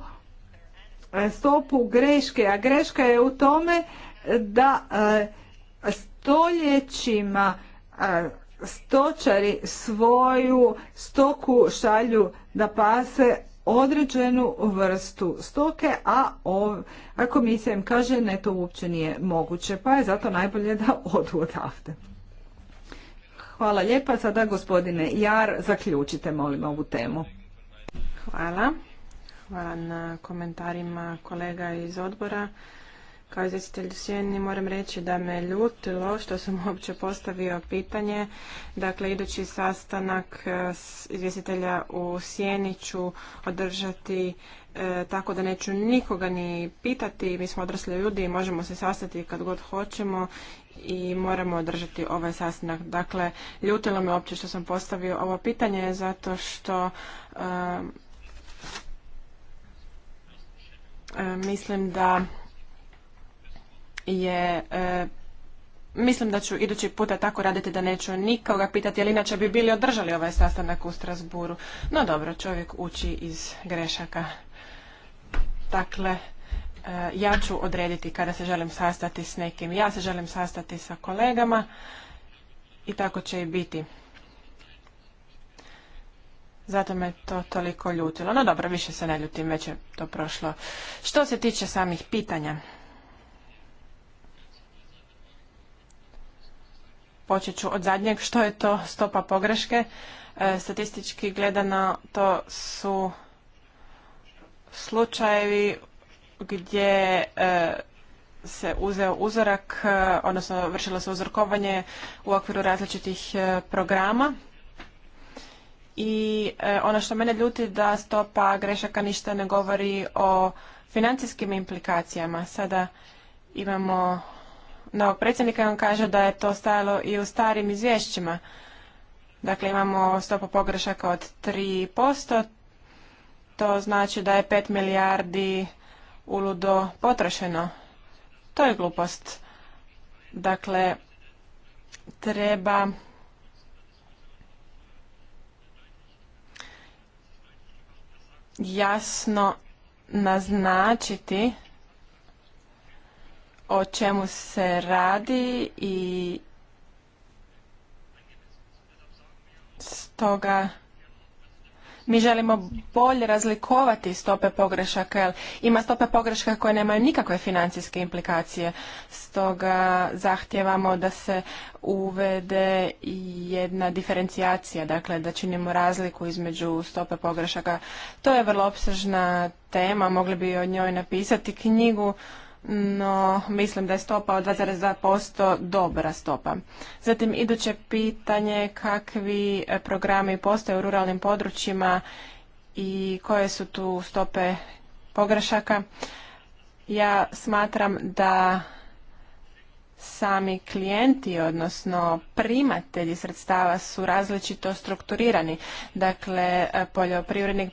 E, stopu greške, a greška je u tome da e, stoljećima e, stočari svoju stoku šalju da pase određenu vrstu stoke, a se im kaže ne, to uopće nije moguće, pa je zato najbolje da odu odavde. Hvala lijepa. Sada gospodine Jar, zaključite molim ovu temu. Hvala. Hvala na komentarima kolega iz odbora. Kao izvjestitelj u Sjeni moram reći da me ljutilo što sam uopće postavio pitanje. Dakle, idući sastanak e, izvjestitelja u Sjeni ću održati e, tako da neću nikoga ni pitati. Mi smo odrasli ljudi i možemo se sastati kad god hoćemo i moramo održati ovaj sastanak. Dakle, ljutilo me uopće što sam postavio ovo pitanje zato što e, E, mislim da je e, Mislim da ću idući puta tako raditi da neću nikoga pitati, jer inače bi bili održali ovaj sastanak u Strasburu. No dobro, čovjek uči iz grešaka. Dakle, e, ja ću odrediti kada se želim sastati s nekim. Ja se želim sastati sa kolegama i tako će i biti. Zato me to toliko ljutilo. No dobro, više se ne ljutim, već je to prošlo. Što se tiče samih pitanja, počet ću od zadnjeg. Što je to stopa pogreške? E, statistički gledano to su slučajevi gdje e, se uzeo uzorak, e, odnosno vršilo se uzorkovanje u okviru različitih programa i e, ono što mene ljuti da stopa grešaka ništa ne govori o financijskim implikacijama. Sada imamo novog predsjednika on kaže da je to stajalo i u starim izvješćima. Dakle, imamo stopu pogrešaka od 3%, to znači da je 5 milijardi uludo potrošeno. To je glupost. Dakle, treba jasno naznačiti o čemu se radi i stoga mi želimo bolje razlikovati stope pogrešaka, ima stope pogrešaka koje nemaju nikakve financijske implikacije. Stoga zahtjevamo da se uvede jedna diferencijacija, dakle da činimo razliku između stope pogrešaka. To je vrlo opsežna tema, mogli bi o njoj napisati knjigu, no mislim da je stopa od 2,2% dobra stopa. Zatim iduće pitanje kakvi e, programi postoje u ruralnim područjima i koje su tu stope pogrešaka. Ja smatram da sami klijenti, odnosno primatelji sredstava su različito strukturirani. Dakle, e, poljoprivrednik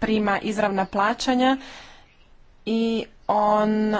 prima izravna plaćanja i on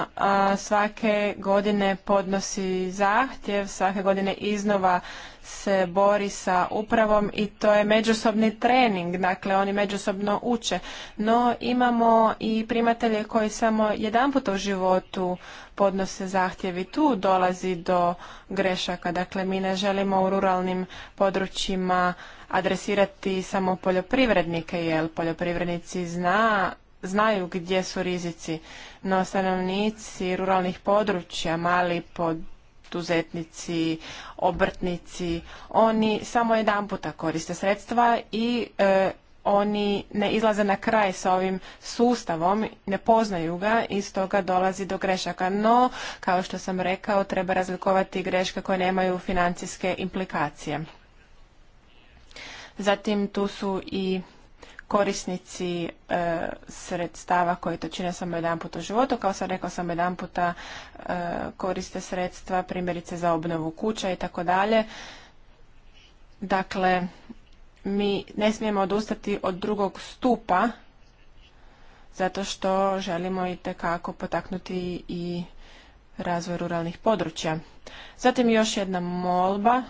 svake godine podnosi zahtjev, svake godine iznova se bori sa upravom i to je međusobni trening, dakle oni međusobno uče. No imamo i primatelje koji samo jedan u životu podnose zahtjevi, tu dolazi do grešaka, dakle mi ne želimo u ruralnim područjima adresirati samo poljoprivrednike, jer poljoprivrednici zna znaju gdje su rizici, no stanovnici ruralnih područja, mali poduzetnici, obrtnici, oni samo jedan puta koriste sredstva i e, oni ne izlaze na kraj sa ovim sustavom, ne poznaju ga i toga dolazi do grešaka. No, kao što sam rekao, treba razlikovati greške koje nemaju financijske implikacije. Zatim tu su i korisnici e, sredstava koje to čine samo jedan puta u životu. Kao sam rekao, samo jedan puta e, koriste sredstva, primjerice za obnovu kuća i tako dalje. Dakle, mi ne smijemo odustati od drugog stupa, zato što želimo i tekako potaknuti i razvoj ruralnih područja. Zatim još jedna molba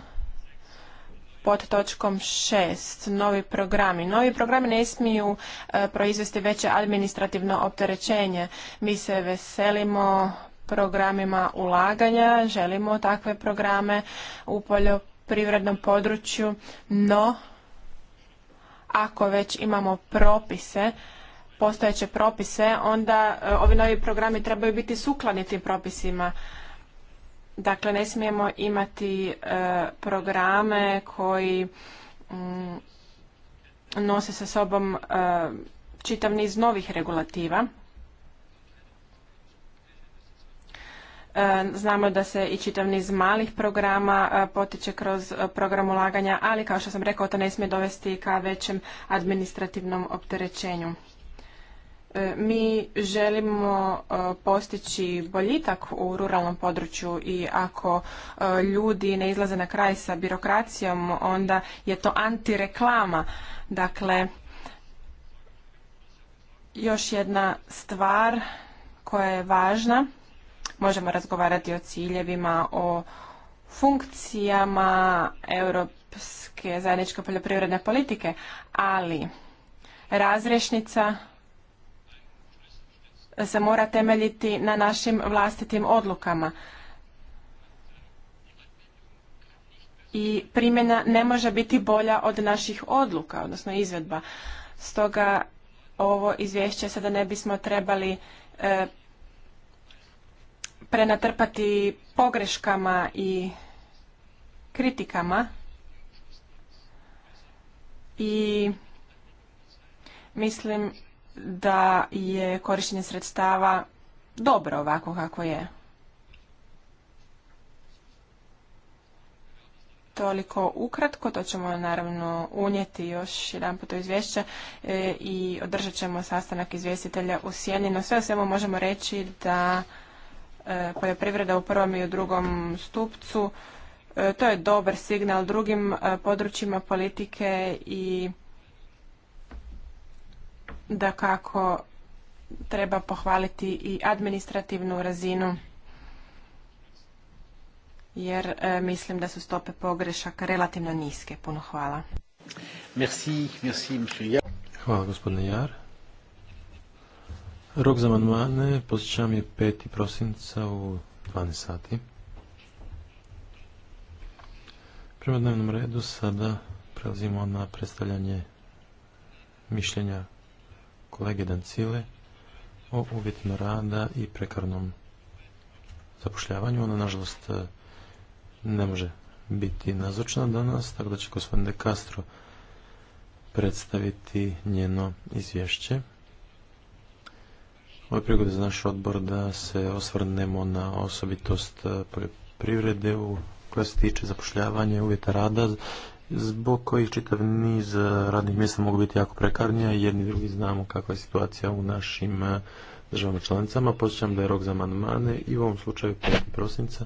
pod točkom 6. Novi programi. Novi programi ne smiju e, proizvesti veće administrativno opterećenje. Mi se veselimo programima ulaganja, želimo takve programe u poljoprivrednom području, no ako već imamo propise, postojeće propise, onda e, ovi novi programi trebaju biti sukladni tim propisima. Dakle, ne smijemo imati e, programe koji mm, nose sa sobom e, čitav niz novih regulativa. E, znamo da se i čitav niz malih programa potiče kroz program ulaganja, ali kao što sam rekao, to ne smije dovesti ka većem administrativnom opterećenju. E, mi želimo e, postići boljitak u ruralnom području i ako e, ljudi ne izlaze na kraj sa birokracijom, onda je to antireklama. Dakle, još jedna stvar koja je važna, možemo razgovarati o ciljevima, o funkcijama europske zajedničke poljoprivredne politike, ali razrešnica se mora temeljiti na našim vlastitim odlukama. I primjena ne može biti bolja od naših odluka, odnosno izvedba. Stoga ovo izvješće sada ne bismo trebali e, prenatrpati pogreškama i kritikama i mislim da je korištenje sredstava dobro ovako kako je. Toliko ukratko, to ćemo naravno unijeti još jedan u izvješće e, i održat ćemo sastanak izvjestitelja u Sjeni. No sve o svemu možemo reći da e, poljoprivreda u prvom i u drugom stupcu, e, to je dobar signal drugim područjima politike i da kako treba pohvaliti i administrativnu razinu jer e, mislim da su stope pogrešaka relativno niske. Puno hvala. Merci, merci, Hvala gospodine Jar. Rok za manmane posjećam je 5. prosinca u 12 sati. Prema dnevnom redu sada prelazimo na predstavljanje mišljenja kolege Dancile o uvjetima rada i prekarnom zapošljavanju. Ona, nažalost, e, ne može biti nazočna danas, tako da će gospodin De Castro predstaviti njeno izvješće. Ovo je za naš odbor da se osvrnemo na osobitost e, poljoprivrede u koja se tiče zapošljavanja uvjeta rada zbog kojih čitav niz eh, radnih mjesta mogu biti jako prekarnija, jedni drugi znamo kakva je situacija u našim eh, državama članicama. Posjećam da je rok za amandmane i u ovom slučaju 5. prosinca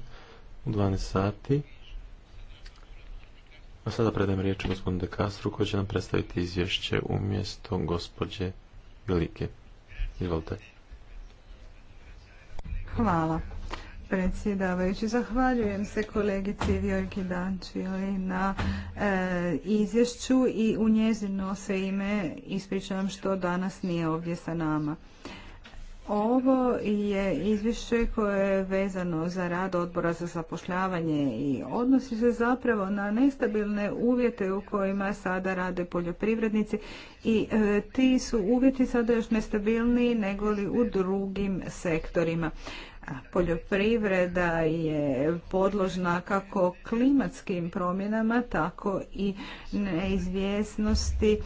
u 12 sati. A sada predajem riječ gospodinu Dekastru koji će nam predstaviti izvješće umjesto gospođe Velike. Izvolite. Hvala predsjedavajući. Zahvaljujem se kolegici Vjorki Dančili na e, izvješću i u njezino se ime ispričavam što danas nije ovdje sa nama. Ovo je izvješće koje je vezano za rad odbora za zapošljavanje i odnosi se zapravo na nestabilne uvjete u kojima sada rade poljoprivrednici i e, ti su uvjeti sada još nestabilniji nego li u drugim sektorima poljoprivreda je podložna kako klimatskim promjenama, tako i neizvjesnosti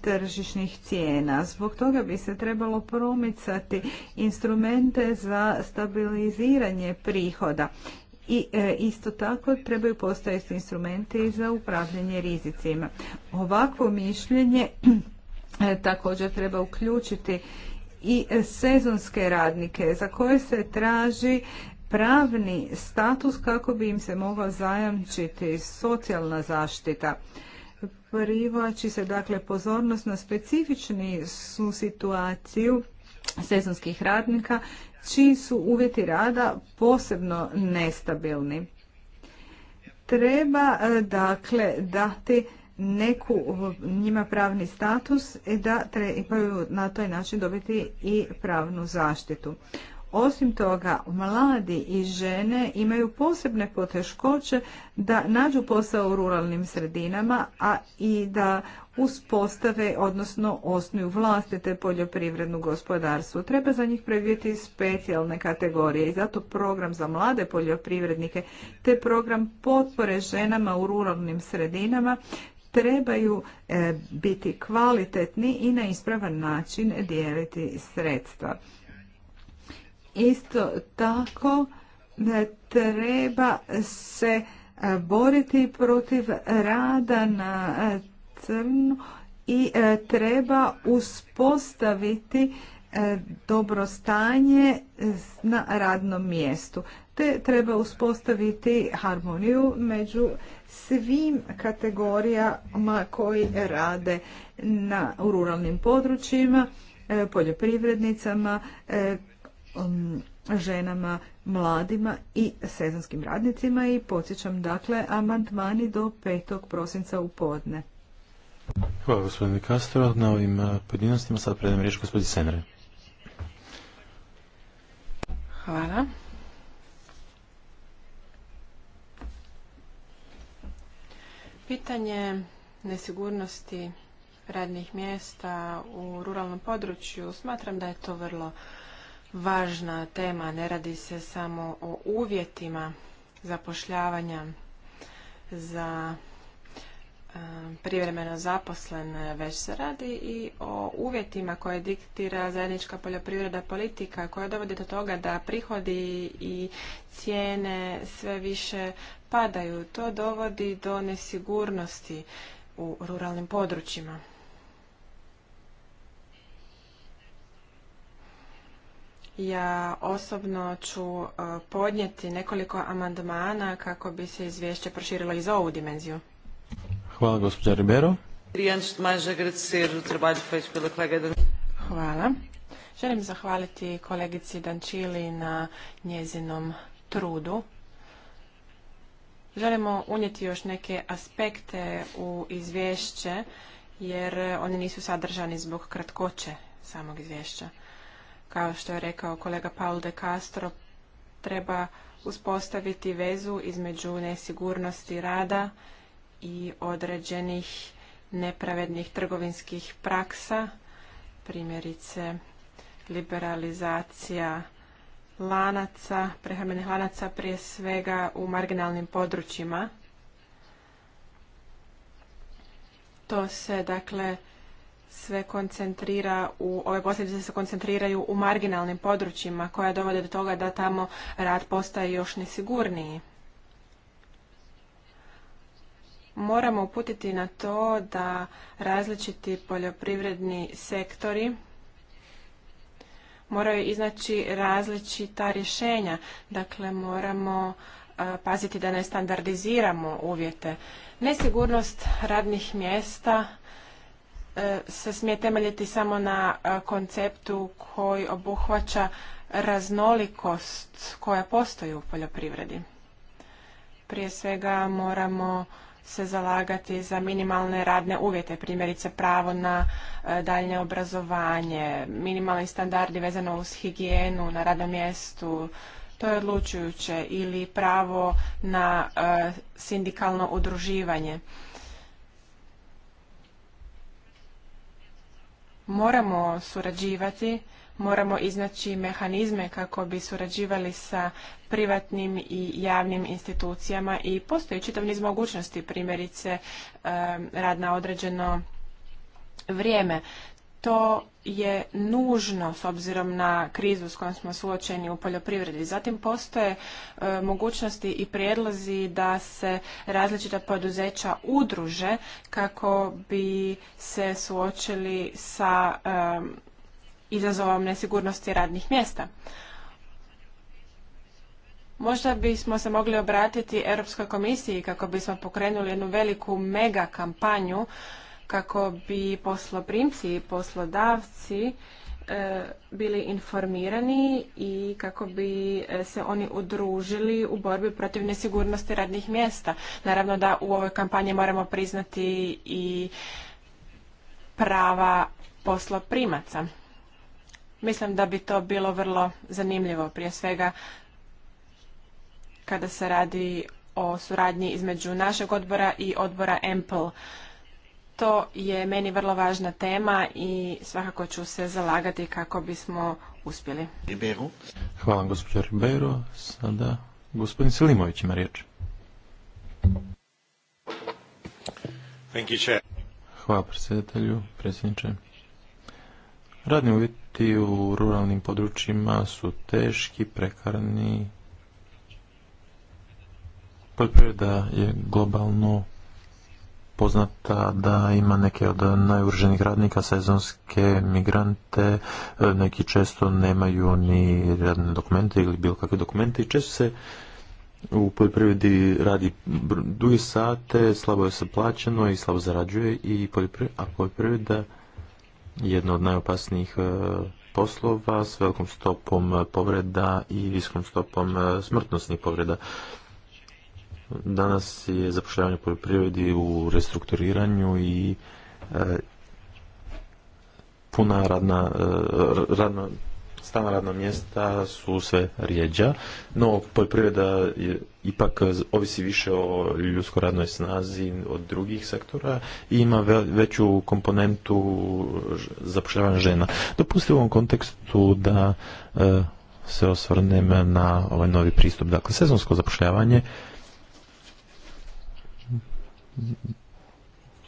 tržišnih cijena. Zbog toga bi se trebalo promicati instrumente za stabiliziranje prihoda. I e, isto tako trebaju postojati instrumenti za upravljanje rizicima. Ovakvo mišljenje e, također treba uključiti i sezonske radnike za koje se traži pravni status kako bi im se mogla zajamčiti socijalna zaštita. Privlači se dakle pozornost na specifični situaciju sezonskih radnika čiji su uvjeti rada posebno nestabilni. Treba e, dakle dati neku njima pravni status e da trebaju na taj način dobiti i pravnu zaštitu. Osim toga, mladi i žene imaju posebne poteškoće da nađu posao u ruralnim sredinama, a i da uspostave, odnosno osnuju vlastite poljoprivrednu gospodarstvo. Treba za njih predvidjeti specijalne kategorije i zato program za mlade poljoprivrednike te program potpore ženama u ruralnim sredinama trebaju e, biti kvalitetni i na ispravan način dijeliti sredstva. Isto tako e, treba se e, boriti protiv rada na crno i treba uspostaviti dobro stanje na radnom mjestu te treba uspostaviti harmoniju među svim kategorijama koji rade na, u ruralnim područjima, e, poljoprivrednicama, e, ženama, mladima i sezonskim radnicima i podsjećam dakle amandmani do 5. prosinca u podne. Hvala gospodine Castro. Na ovim e, pojedinostima sad riječ gospodin Hvala. Pitanje nesigurnosti radnih mjesta u ruralnom području smatram da je to vrlo važna tema. Ne radi se samo o uvjetima zapošljavanja za privremeno zaposlen, već se radi i o uvjetima koje diktira zajednička poljoprivreda politika koja dovodi do toga da prihodi i cijene sve više padaju. To dovodi do nesigurnosti u ruralnim područjima. Ja osobno ću e, podnijeti nekoliko amandmana kako bi se izvješće proširilo i za ovu dimenziju. Hvala gospođa Hvala. Želim zahvaliti kolegici Dančili na njezinom trudu Želimo unijeti još neke aspekte u izvješće jer oni nisu sadržani zbog kratkoće samog izvješća. Kao što je rekao kolega Paul de Castro, treba uspostaviti vezu između nesigurnosti rada i određenih nepravednih trgovinskih praksa, primjerice liberalizacija lanaca, prehrambenih lanaca prije svega u marginalnim područjima. To se dakle sve koncentrira u, ove posljedice se koncentriraju u marginalnim područjima koja dovode do toga da tamo rad postaje još nesigurniji. Moramo uputiti na to da različiti poljoprivredni sektori moraju iznaći različita rješenja. Dakle, moramo paziti da ne standardiziramo uvjete. Nesigurnost radnih mjesta e, se smije temeljiti samo na konceptu koji obuhvaća raznolikost koja postoji u poljoprivredi. Prije svega moramo se zalagati za minimalne radne uvjete, primjerice pravo na e, daljnje obrazovanje, minimalni standardi vezano uz higijenu na radnom mjestu, to je odlučujuće, ili pravo na e, sindikalno udruživanje. Moramo surađivati moramo iznaći mehanizme kako bi surađivali sa privatnim i javnim institucijama i postoji čitav niz mogućnosti, primjerice rad na određeno vrijeme. To je nužno s obzirom na krizu s kojom smo suočeni u poljoprivredi. Zatim postoje e, mogućnosti i prijedlozi da se različita poduzeća udruže kako bi se suočili sa izazovom nesigurnosti radnih mjesta. Možda bismo se mogli obratiti Europskoj komisiji kako bismo pokrenuli jednu veliku mega kampanju kako bi posloprimci i poslodavci e, bili informirani i kako bi e, se oni udružili u borbi protiv nesigurnosti radnih mjesta. Naravno da u ovoj kampanji moramo priznati i prava posloprimaca. Mislim da bi to bilo vrlo zanimljivo, prije svega kada se radi o suradnji između našeg odbora i odbora EMPL. To je meni vrlo važna tema i svakako ću se zalagati kako bismo uspjeli. Hvala gospođo Ribeiro. Sada gospodin Selimović ima riječ. Hvala predsjedatelju, predsjedniče. Radni uvjeti u ruralnim područjima su teški, prekarni. Poljoprivreda je globalno poznata da ima neke od najurženih radnika, sezonske migrante, neki često nemaju ni radne dokumente ili bilo kakve dokumente i često se u poljoprivredi radi duge sate, slabo je se plaćeno i slabo zarađuje, i a poljoprivreda jedno od najopasnijih e, poslova s velikom stopom e, povreda i viskom stopom e, smrtnostnih povreda. Danas je zapošljavanje poljoprivredi u restrukturiranju i puna radna, radna stalna radna mjesta su sve rijeđa, no poljoprivreda ipak ovisi više o ljudskoj radnoj snazi od drugih sektora i ima veću komponentu zapošljavanja žena. Dopustite u ovom kontekstu da e, se osvrnem na ovaj novi pristup. Dakle, sezonsko zapošljavanje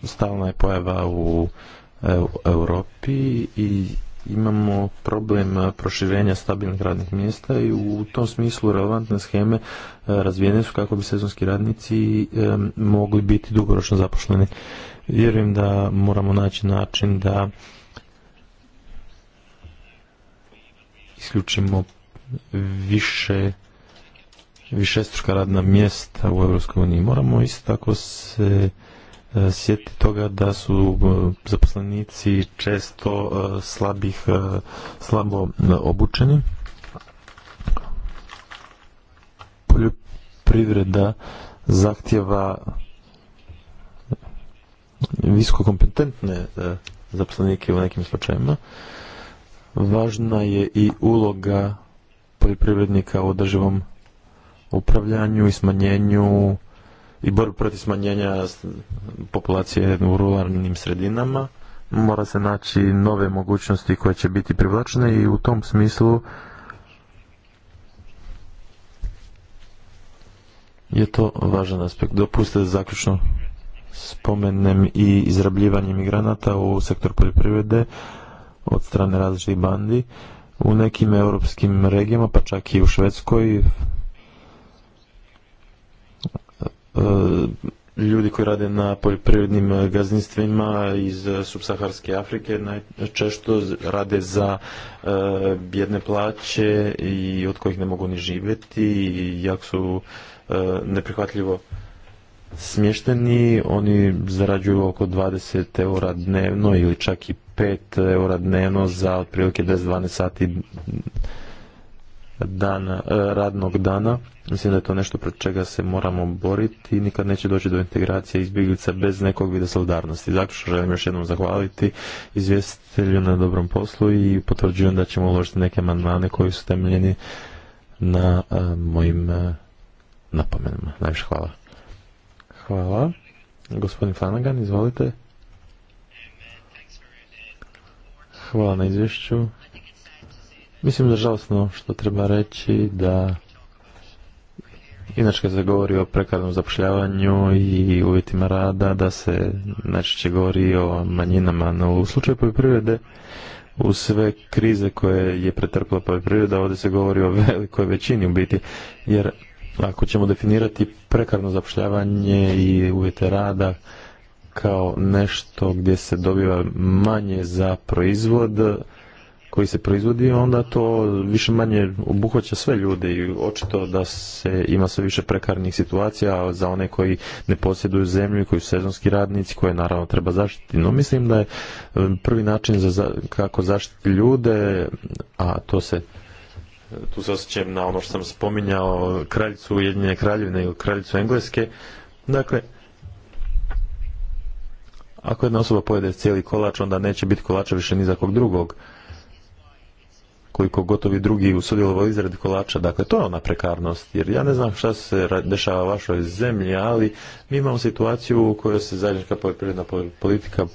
stalna je pojava u e, Europi i imamo problem eh, proširenja stabilnih radnih mjesta i u tom smislu relevantne scheme eh, razvijene su kako bi sezonski radnici mogli biti dugoročno zaposleni. Vjerujem da moramo naći način da isključimo više višestruka radna mjesta u EU. Moramo isto tako se E, sjeti toga da su e, zaposlenici često e, slabih, slabo obučeni. Poljoprivreda zahtjeva visokompetentne kompetentne zaposlenike u nekim slučajevima. Važna je i uloga poljoprivrednika u održivom upravljanju i smanjenju i borbu protiv smanjenja populacije u ruralnim sredinama mora se naći nove mogućnosti koje će biti privlačene i u tom smislu je to važan aspekt. Dopustite zaključno spomenem i izrabljivanje migranata u sektor poljoprivrede od strane različitih bandi u nekim europskim regijama, pa čak i u Švedskoj, E, ljudi koji rade na poljoprivrednim e, gazdinstvima iz e, subsaharske Afrike najčešće rade za bjedne plaće i od kojih ne mogu ni živjeti i jak su neprihvatljivo smješteni. Oni zarađuju oko 20 eura dnevno ili čak i 5 eura dnevno za otprilike 10-12 sati dana, e, radnog dana. Mislim da je to nešto pred čega se moramo boriti. i Nikad neće doći do integracije izbjeglica bez nekog vida solidarnosti. Zaključno želim još jednom zahvaliti izvjestitelju na dobrom poslu i potvrđujem da ćemo uložiti neke amandmane koji su temeljeni na e, mojim e, napomenama. Najviše hvala. Hvala. Gospodin Flanagan, izvolite. Hvala na izvješću Mislim da je žalostno što treba reći da Inače kad se govori o prekarnom zapošljavanju i uvjetima rada, da se najčešće govori o manjinama, no u slučaju poljoprivrede, u sve krize koje je pretrpila poljoprivreda, ovdje se govori o velikoj većini u biti, jer ako ćemo definirati prekarno zapošljavanje i uvjete rada kao nešto gdje se dobiva manje za proizvod, koji se proizvodi, onda to više manje obuhvaća sve ljude i očito da se ima sve više prekarnih situacija za one koji ne posjeduju zemlju, i koji su sezonski radnici, koje naravno treba zaštiti. No mislim da je prvi način za kako zaštiti ljude, a to se tu se osjećam na ono što sam spominjao, kraljicu Ujedinjene kraljevine ili kraljicu Engleske. Dakle, ako jedna osoba pojede cijeli kolač, onda neće biti kolača više ni za kog drugog koliko gotovi drugi u izradi kolača. Dakle, to je ona prekarnost, jer ja ne znam šta se dešava u vašoj zemlji, ali mi imamo situaciju u kojoj se zajednička poljoprivredna politika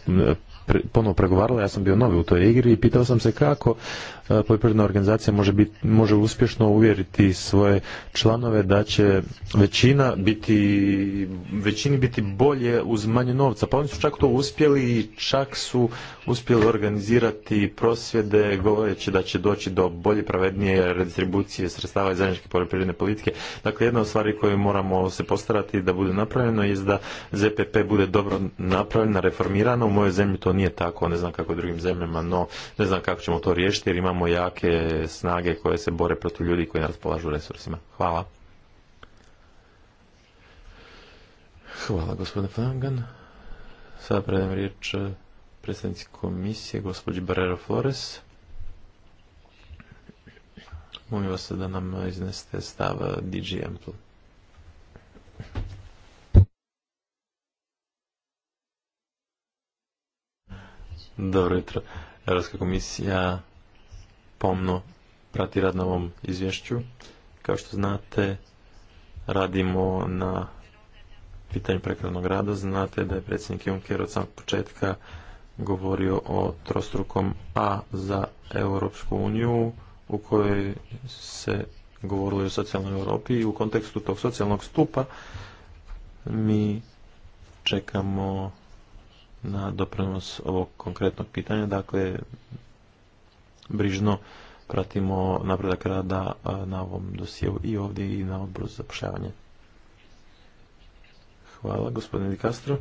ponovo pregovarala, ja sam bio novi u toj igri i pitao sam se kako e, poljoprivredna organizacija može, biti, može uspješno uvjeriti svoje članove da će većina biti, većini biti bolje uz manje novca. Pa oni su čak to uspjeli i čak su uspjeli organizirati prosvjede govoreći da će doći do bolje pravednije redistribucije sredstava i zajedničke poljoprivredne politike. Dakle, jedna od stvari koju moramo se postarati da bude napravljeno je da ZPP bude dobro napravljena, reformirana. U mojoj zemlji to nije tako, ne znam kako je drugim zemljama, no ne znam kako ćemo to riješiti jer imamo jake snage koje se bore protiv ljudi koji ne raspolažu resursima. Hvala. Hvala gospodine Fangan. Sada predajem riječ eh, predstavnici komisije, gospođi Barrero Flores. Molim vas da nam izneste stav eh, DG Ample. Dobro jutro. Europska komisija pomno prati rad na ovom izvješću. Kao što znate, radimo na pitanju prekranog rada. Znate da je predsjednik Juncker od samog početka govorio o trostrukom A za Europsku uniju u kojoj se govorilo o socijalnoj Europi i u kontekstu tog socijalnog stupa mi čekamo na doprinos ovog konkretnog pitanja. Dakle, brižno pratimo napredak rada na ovom dosijevu i ovdje i na odboru za zapošljavanje. Hvala, gospodine Di Castro.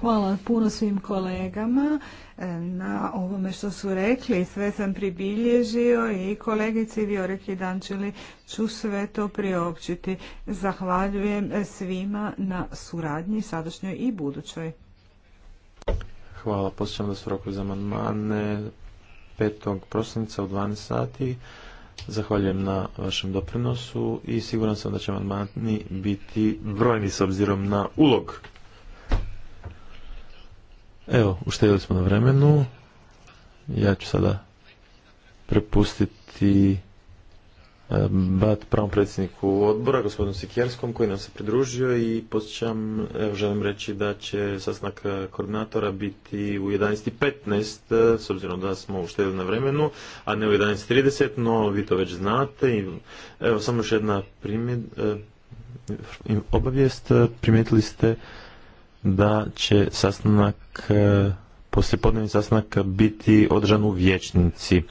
Hvala puno svim kolegama e, na ovome što su rekli. Sve sam pribilježio i kolegici Vjorek i Dančeli ću sve to priopćiti. Zahvaljujem svima na suradnji sadašnjoj i budućoj. Hvala. Posjećam da su roku za manmane 5. prosinca u 12 sati. Zahvaljujem na vašem doprinosu i siguran sam da će amandmani biti brojni s obzirom na ulog Evo, uštedili smo na vremenu. Ja ću sada prepustiti e, bat pravom predsjedniku odbora, gospodinu Sikjerskom, koji nam se pridružio i posjećam, evo želim reći da će sastanak koordinatora biti u 11.15, e, s obzirom da smo uštedili na vremenu, a ne u 11.30, no vi to već znate. Evo, samo još jedna primjed e, obavijest, primijetili ste da će sastanak, e, poslijepodnevni sastanak biti održan u vječnici.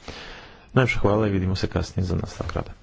Najviše hvala i vidimo se kasnije za nastavak rada.